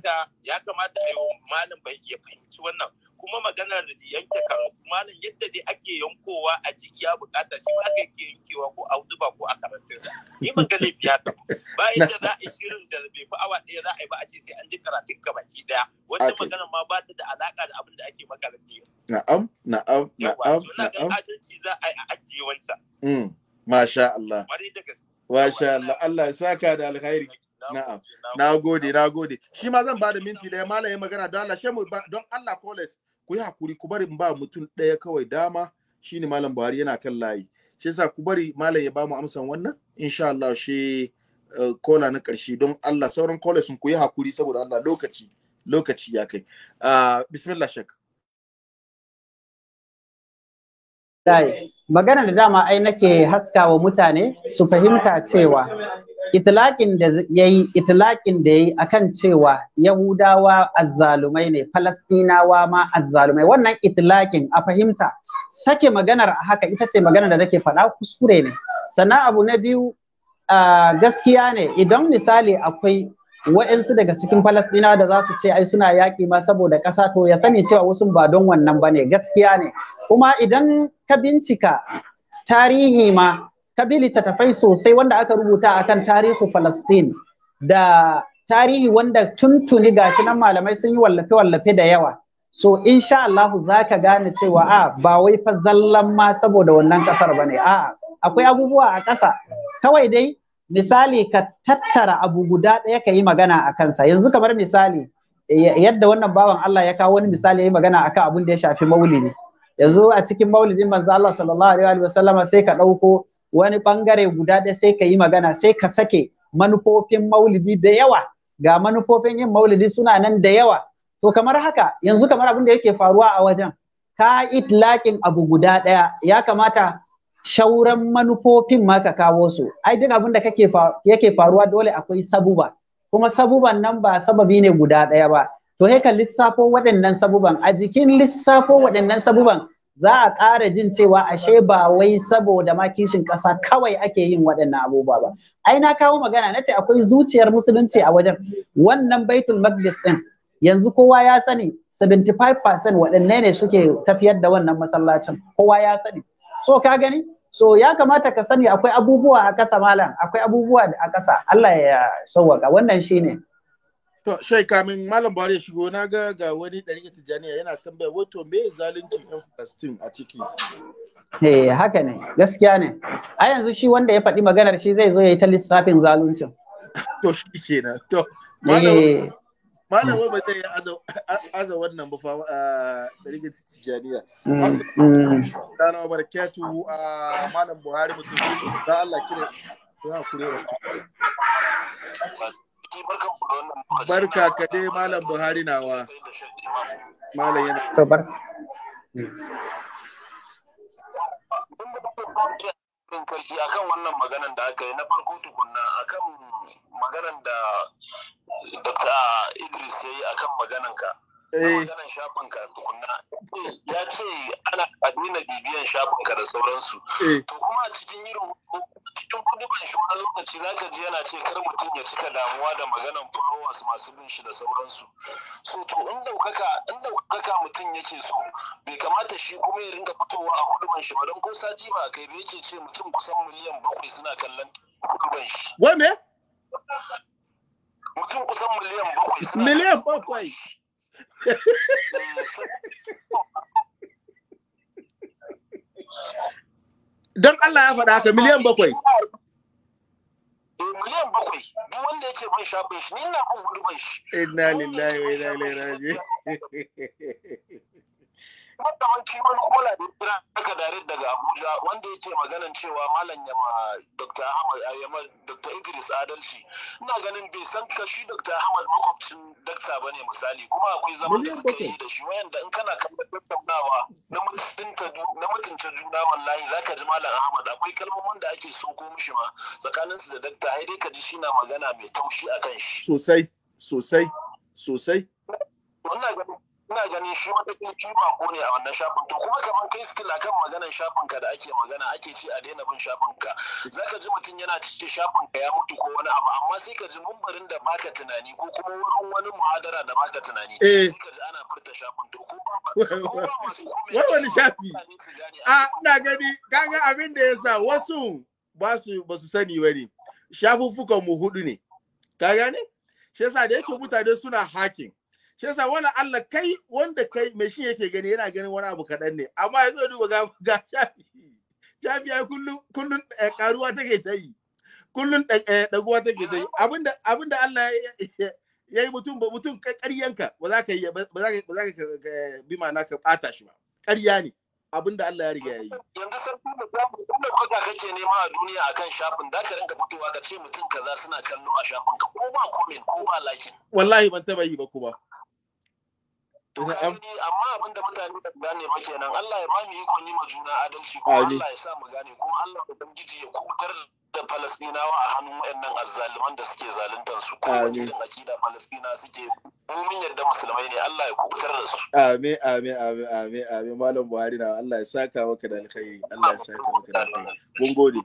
Da ya kamata a eh, yi malam bai ya fahimci wannan kuma da yanke karatu malam yadda dai ake yankowa a jiki ya bukata shi ma yake yankewa ko a hudu ba ko a karatunsa ni magana ya laifi haka ba yadda za a yi shirin da bai fi awa ɗaya za a yi ba a ce sai an ji karatun ka baki ɗaya. wannan maganar ma ba ta da alaka da abin da ake yau. na'am na'am na'am na'am adalci na'am na'am yi a na'am mm, na'am masha Allah masha Allah Allah ya saka da alkhairi Na'am. Na gode, na gode. Shi ma zan ba da minti da ya malaye magana don Allah, mu don Allah kolis. ku yi hakuri ku bari ba mutum ɗaya kawai dama shine malam Buhari yana kan layi shi yasa ku bari malam ya bamu amsan wannan insha Allah shi eh, kola na ƙarshe don Allah sauran kola sun ku yi hakuri saboda Allah lokaci lokaci ya kai ah, bismillah shek magana da dama ai nake haskawa mutane su fahimta cewa Itilakin da yayi itilakin da yayi akan cewa yahudawa azzalumai ne falastinawa ma azzalumai wannan itilakin a fahimta sake maganar a haka ita ce maganar da nake faɗa kuskure ne sannan abu na biyu gaskiya ne idan misali akwai wa'yansu daga cikin Falastina da za su ce ai suna yaƙi ma saboda ƙasa to ya sani cewa wasu ba don wannan ba ne gaskiya ne kuma idan ka bincika tarihi ma ka bi littattafai sosai wanda aka rubuta akan tarihi Falastin da tarihi wanda tuntuni gashi nan malamai sun yi wallafe-wallafe da yawa. So insha Allah za ka gane cewa a ba wai fa zallan ma saboda wannan kasar ba ne. A'a akwai abubuwa a ƙasa. Kawai dai misali ka tattara abu guda ɗaya ka yi magana a kansa. Yanzu kamar misali yadda wannan bawan Allah ya kawo wani misali ya yi magana akan abun da ya shafi maulidi. Yanzu a cikin maulidin manzo Allah sallallahu alaihi wa sallama sai ka ɗauko wani bangare guda ɗaya sai ka yi magana sai ka sake manufofin maulidi da yawa ga manufofin yin maulidi suna nan da yawa to kamar haka yanzu kamar abin da yake faruwa a wajen ka itlaƙin abu guda ɗaya ya kamata shauran manufofin ma ka kawo su ai duk abin da kake yake faruwa dole akwai sabuba kuma sabuban nan ba sababi ne guda ɗaya ba to he ka lissafo waɗannan sabuban a jikin lissafo waɗannan sabuban za a ƙara jin cewa ashe ba wai saboda ma kishin ƙasa kawai ake yin waɗannan abubuwa ba ai na kawo magana na ce akwai zuciyar musulunci a wajen wannan baitul maqdis din yanzu kowa ya sani 75% waɗanne ne suke tafiyar da wannan masallacin kowa ya sani so ka gani so ya kamata ka sani akwai abubuwa a ƙasa malam akwai abubuwa a ƙasa Allah ya sauwaka wannan shine To, shai kamin Malam Buhari ya shigo na ga ga wani ɗariƙa Tijjaniya yana tambaya wato me zalunci ɗan Falastin a ciki. Eh haka ne, gaskiya ne. A yanzu shi wanda ya faɗi maganar shi zai zo ya yi ta lissafin zaluncin. To shi kenan. To, Malam eh. ba zai aza wannan ba ɗariƙa Tijjaniya. Assalamu alaikum barakatuhu a Malam Buhari mutum. Da Allah kira. Ya kure wa. Barka ka dai Malam Buhari nawa. Malam yana. To bar. Hmm. sarki akan wannan maganan da aka yi na farko tukunna akan maganan da Dr. Idris ya yi akan maganan ka. Eh. maganan shafin ka tukunna ya ce ana a daina bibiyan shafin ka da sauransu eh. to kuma a cikin irin cikin kuduban shi wani lokaci za ka ji yana ce kar mutum ya cika damuwa da maganan followers masu bin shi da sauransu so to in daukaka in daukaka mutum yake so bai kamata shi kuma ya ringa fitowa a kuduban shi ba don ko sati ba kai bai yake ce mutum kusan miliyan bakwai suna kallon kuduban shi. Wai Mutum kusan miliyan bakwai. suna Miliyan bakwai. Don Allah ya faɗa haka miliyan bakwai. Eh, miliyan yake Inna lillahi wa inna ilaihi raji'un. Yadda wani kiwon kola da kira aka dare daga Abuja wanda yake maganan cewa malam ya Dr. Ahmad ya ma Dr. Idris adalci. Ina ganin bai san kashi shi Dr. Ahmad makwabcin dakta bane misali kuma akwai zaman da suka yi da shi wayanda in kana kallon tattaunawa na mutunta juna wallahi zaka ji malam Ahmad akwai kalmomin da ake so ko mishi ma tsakaninsu da dakta ai dai ka ji shi na magana mai taushi akan shi. Sosai sosai sosai. Wannan ina ganin shi matakin shi bako ne a wannan shafin to kuma kamar kai skill akan maganar shafin ka da ake magana ake ce a daina bin shafin ka zaka ji mutum yana cikin shafin ka ya mutu ko wani abu amma sai ka ji mumbarin da baka tunani ko kuma wurin wani muhadara da baka tunani eh. sai ka ji ana furta shafin to ko wai wani shafi a ah, ina gani kaga abin da yasa wasu ba su ba su sani bane shafuffukan mu hudu ne ka gane shi yasa da yake mutane suna hacking shi yasa wani Allah kai wanda kai mai shi yake gani yana ganin wani abu kaɗan ne amma yanzu duba ga ga shafi shafi ya kullum kullun karuwa eh, take ta yi kullun daguwa eh, eh, take ta yi abinda abinda Allah ya yi mutum ba mutum ƙaryanka ba za ka yi ba za ka bi ma ka ɓata shi ba ƙarya ne abin da Allah ya riga Yanzu sarki da samun wanda kuka kake nema a duniya akan shafin da ka rinka fitowa ka ce mutum kaza suna kallo a shafin ka ko ba comment ko ba lakin. Wallahi ban taba yi ba ba. To ka gani amma abin da mutane ba gane ba kenan Allah ya mami ikon yi ma juna adalci kuma Allah ya sa mu gane kuma Allah ya ubangiji ya kubutar da Falastinawa a hannun waɗannan azzaliman da suke zaluntar su ko wani akida Falastina suke mumin yadda musulmai ne Allah ya kubutar da su. Amin amin amin amin amin malam Buhari na Allah ya saka maka da alkhairi Allah ya saka maka da alkhairi. Mun gode.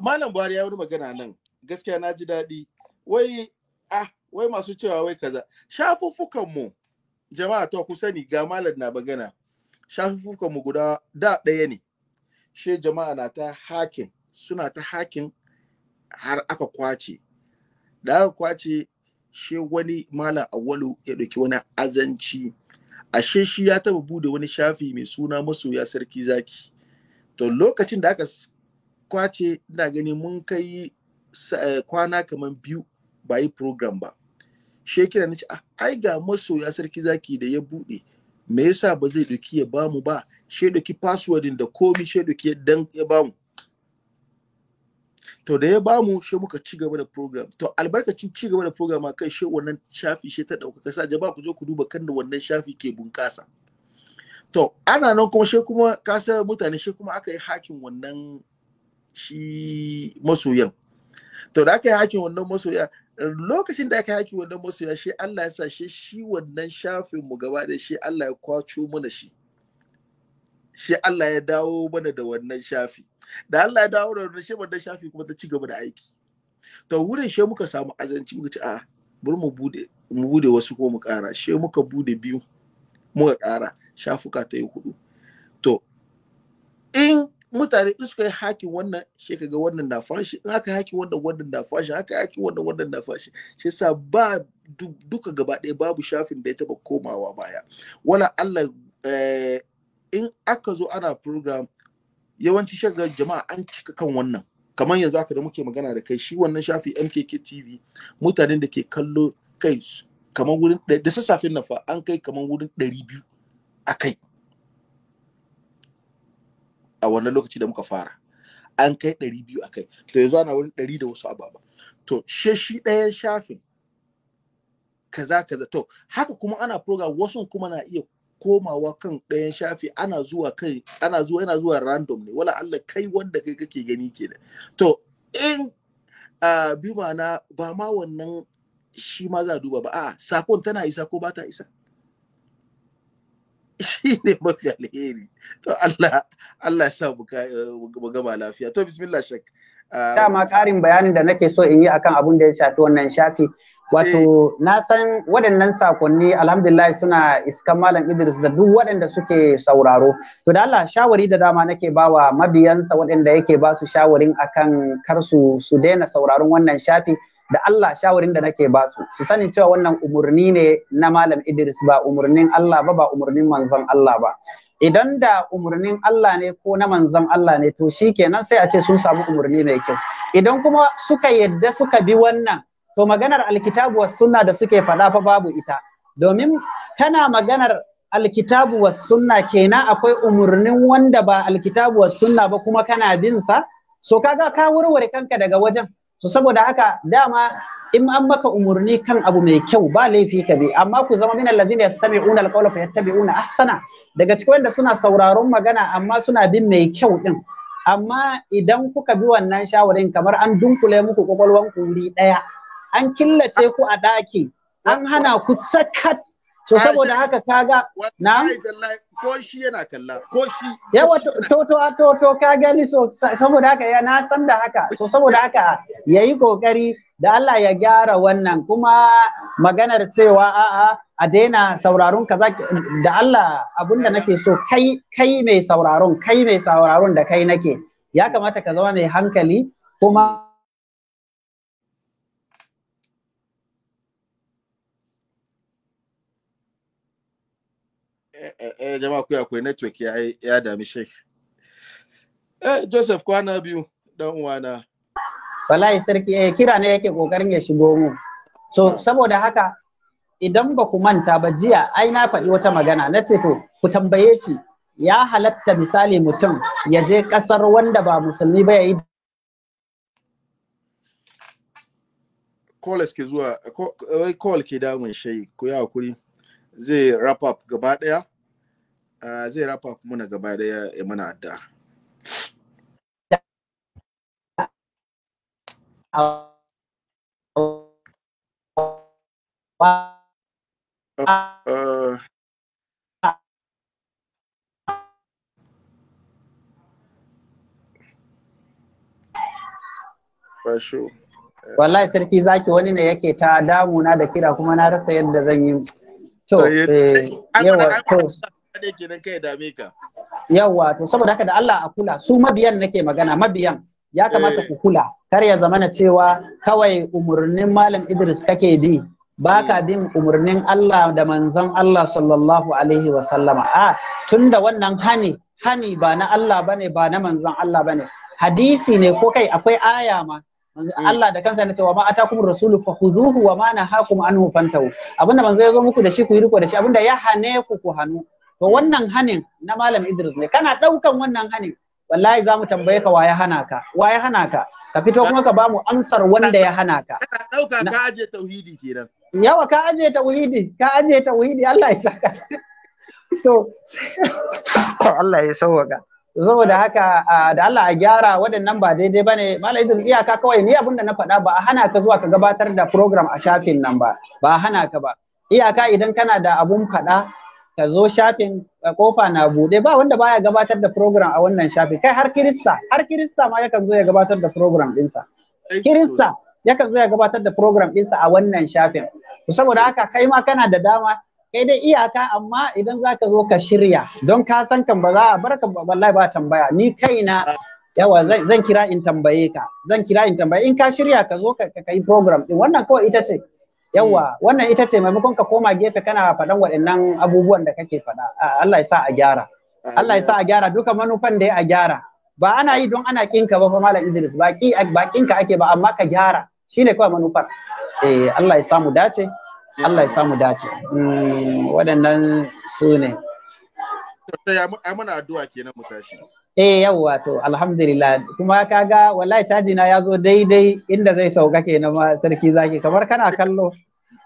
Malam Buhari ya wani magana nan gaskiya na ji daɗi wai ah wai masu cewa wai kaza shafuffukan mu jama'a to ku sani ga malam na magana shafufukan mu guda da ɗaya ne she jama'a na ta hakin suna ta hakin har aka kwace da aka kwace she wani malam awwalu ya ɗauki wani azanci ashe shi ya taba bude wani shafi mai suna masoya sarki zaki to lokacin da aka kwace ina gani mun kai eh, kwana kamar biyu ba yi program ba Shekira na ce ah, ai ga masoya sarki zaki da ya buɗe me yasa ba zai doki ya bamu ba she doki passwordin da komi she doki ya dan ya bamu to da ya bamu she muka ci gaba da program to albarkacin ci gaba da program a kai she wannan shafi shi ta dauka kasa jaba ku zo ku duba kan da wannan shafi ke bunƙasa. to ana nan kuma she kuma kasa mutane she kuma aka yi hakin wannan shi masoyan to da aka yi hakin wannan masoya lokacin da aka haƙi wannan masoya shi Allah ya sa shi wannan shafin mu gaba da shi Allah ya kwaco mana shi shi Allah ya dawo mana da wannan shafi da Allah ya dawo da wannan shi wannan shafi kuma ta ci gaba da aiki to wurin shi muka samu azanci muka ci a bari mu bude mu bude wasu ko mu kara shi muka bude biyu muka kara shafuka ta yi hudu to in mutane in suka yi haki wannan shi ga wannan na fashi in aka haki wannan wannan na fashi aka haki wannan wannan na fashi shi yasa ba duka gaba ɗaya babu shafin da ya taba komawa baya wala Allah eh, in aka zo ana program yawanci ga jama'a an cika kan wannan kamar yanzu aka da muke magana da kai shi wannan shafi mkk tv mutanen da ke kallo kai kamar wurin da sassafin na fa an kai kamar wurin ɗari biyu a kai a wannan lokaci da muka fara an kai ɗari biyu a kai to yanzu ana wani ɗari da wasu ababa to she ɗayan shafin kaza kaza to haka kuma ana program wasu kuma na iya komawa kan ɗayan shafi ana zuwa kai ana zuwa yana zuwa random ne wala Allah kai wanda kai kake gani ke da to in uh, bi na ba ma wannan shi ma za a duba ba a'a sakon tana isa ko ba ta isa shi ne mafi alheri to Allah Allah ya sa mu gama lafiya to bismillah shak ah, dama karin bayanin da nake so in yi akan abun da ya shafi wannan shafi wato eh. na san waɗannan sakonni alhamdulillah suna iskan malam Idris da duk waɗanda suke sauraro to da Allah shawari da dama nake bawa mabiyansa waɗanda yake ba su shawarin akan kar su su daina sauraron wannan shafi da Allah shawarin da nake ba su su sani cewa wannan umarni ne na malam Idris ba umurnin Allah ba ba umarnin manzon Allah ba idan da umarnin Allah ne ko na manzon Allah ne to shikenan sai a ce sun samu umarni mai kyau idan kuma suka yadda suka bi wannan to maganar alkitabu was sunna da suke faɗa fa babu ita domin kana maganar alkitabu was sunna kenan akwai umarnin wanda ba alkitabu was sunna ba kuma kana bin sa so kaga ka warware kanka daga wajen To saboda haka dama in an maka umurni kan abu mai kyau ba laifi ka bi amma ku zama min allazina yastami'una alqawla fayattabi'una ahsana daga cikin wanda suna sauraron magana amma suna bin mai kyau din amma idan kuka bi wannan shawarin kamar an dunkule muku kwakwalwan ku wuri daya an killace ku a daki an hana ku sakat So saboda haka kaga na ko shi yana kalla ko shi yawa to to to to ka gani so saboda haka ya na san da haka so saboda haka yayi kokari da Allah ya gyara wannan kuma maganar cewa a a daina sauraron kaza da Allah abunda nake so kai kai mai sauraron kai mai sauraron da kai nake ya kamata ka zama mai hankali kuma Eh, eh jama'a ku akwai network ya ya dami sheik eh Joseph kwana biyu dan uwana wallahi sarki eh kira ne yake kokarin ya shigo mu so ah. saboda haka idan ba ku manta ba jiya ai na faɗi wata magana na ce to ku tambaye shi ya halatta misali mutum ya je ƙasar wanda ba musulmi ba ya yi ke zuwa eh, eh, call ke damun shayi ku yi hakuri zai wrap up gaba ɗaya Ah, zai rafa kuma na gaba daya ya mana adda. Ah. Ah. Wallahi sarki zaki wani ne yake ta damuna da kira kuma na rasa yadda zan yi. To, eh, yawa, to. Yau kenan kai dame ka yawa to saboda haka da Allah a kula su mabiyan nake magana mabiyan ya kamata ku eh. kula kar ya zamana cewa kawai umurnin malam Idris kake bi baka hmm. bin umurnin Allah da manzon Allah sallallahu alaihi wa sallama a tunda wannan hani hani ba na Allah bane ba na manzon Allah bane hadisi ne ko kai akwai aya ma hmm. Allah da kansa yana cewa ma atakum rasulu fa khuzuhu wa ma nahakum anhu fantahu abinda manzo ya zo muku da shi ku yi riko da shi abinda ya hane ku ku hanu to wannan hanin na malam Idris ne kana daukan wannan hanin wallahi za mu tambaye ka waye hana ka waye hana ka ka fito kuma ka bamu amsar wanda ya hana ka kana dauka ka aje tauhidi kenan yawa ka aje tauhidi ka aje tauhidi Allah ya saka to Allah ya sauka saboda haka da Allah a gyara waɗannan ba daidai bane malam Idris iyaka kawai ni abinda na faɗa ba a hana ka zuwa ka gabatar da program a shafin nan ba ba a hana ka ba iyaka idan kana da abun faɗa ka zo shafin kofa na bude ba wanda baya gabatar da program a wannan shafi kai har kirista har kirista ma yakan zo ya gabatar da program dinsa kirista yakan zo ya gabatar da program dinsa a wannan shafin saboda haka kai ma kana da dama kai dai iyaka amma idan za ka zo ka shirya don ka san kan ba za a barka wallahi ba tambaya ni kaina yawa zan kira in tambaye ka zan kira in tambaye in ka shirya ka zo ka yi program din wannan kawai ita ce yawa mm. wannan ita ce maimakon ka koma gefe kana faɗan waɗannan abubuwan da kake faɗa Allah ya sa a gyara Allah ya sa a gyara duka manufan da ya a gyara ba ana yi don ana kinka ba fa malam Idris ba ki ba kinka ake ba amma ka gyara shine kawai manufar eh Allah ya samu dace Allah ya samu dace mm, waɗannan su ne ta yi mana addu'a kenan mu tashi eh yawwa to alhamdulillah kuma kaga wallahi caji na yazo daidai inda zai sauka kenan ma sarki zaki kamar kana kallo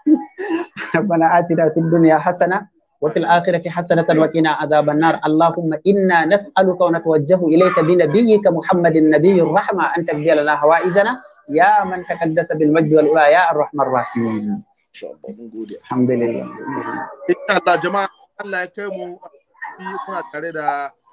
rabbana atina fid dunya hasana wa fil akhirati hasanatan wa qina adhaban nar allahumma inna nas'aluka wa natawajjahu ilayka bi nabiyyika muhammadin nabiyyir rahma an tabdiya lana hawaijana ya man taqaddasa bil majd wal ula ya arrahman rahim alhamdulillah insha Allah jama'a Allah ya kai mu kuna tare da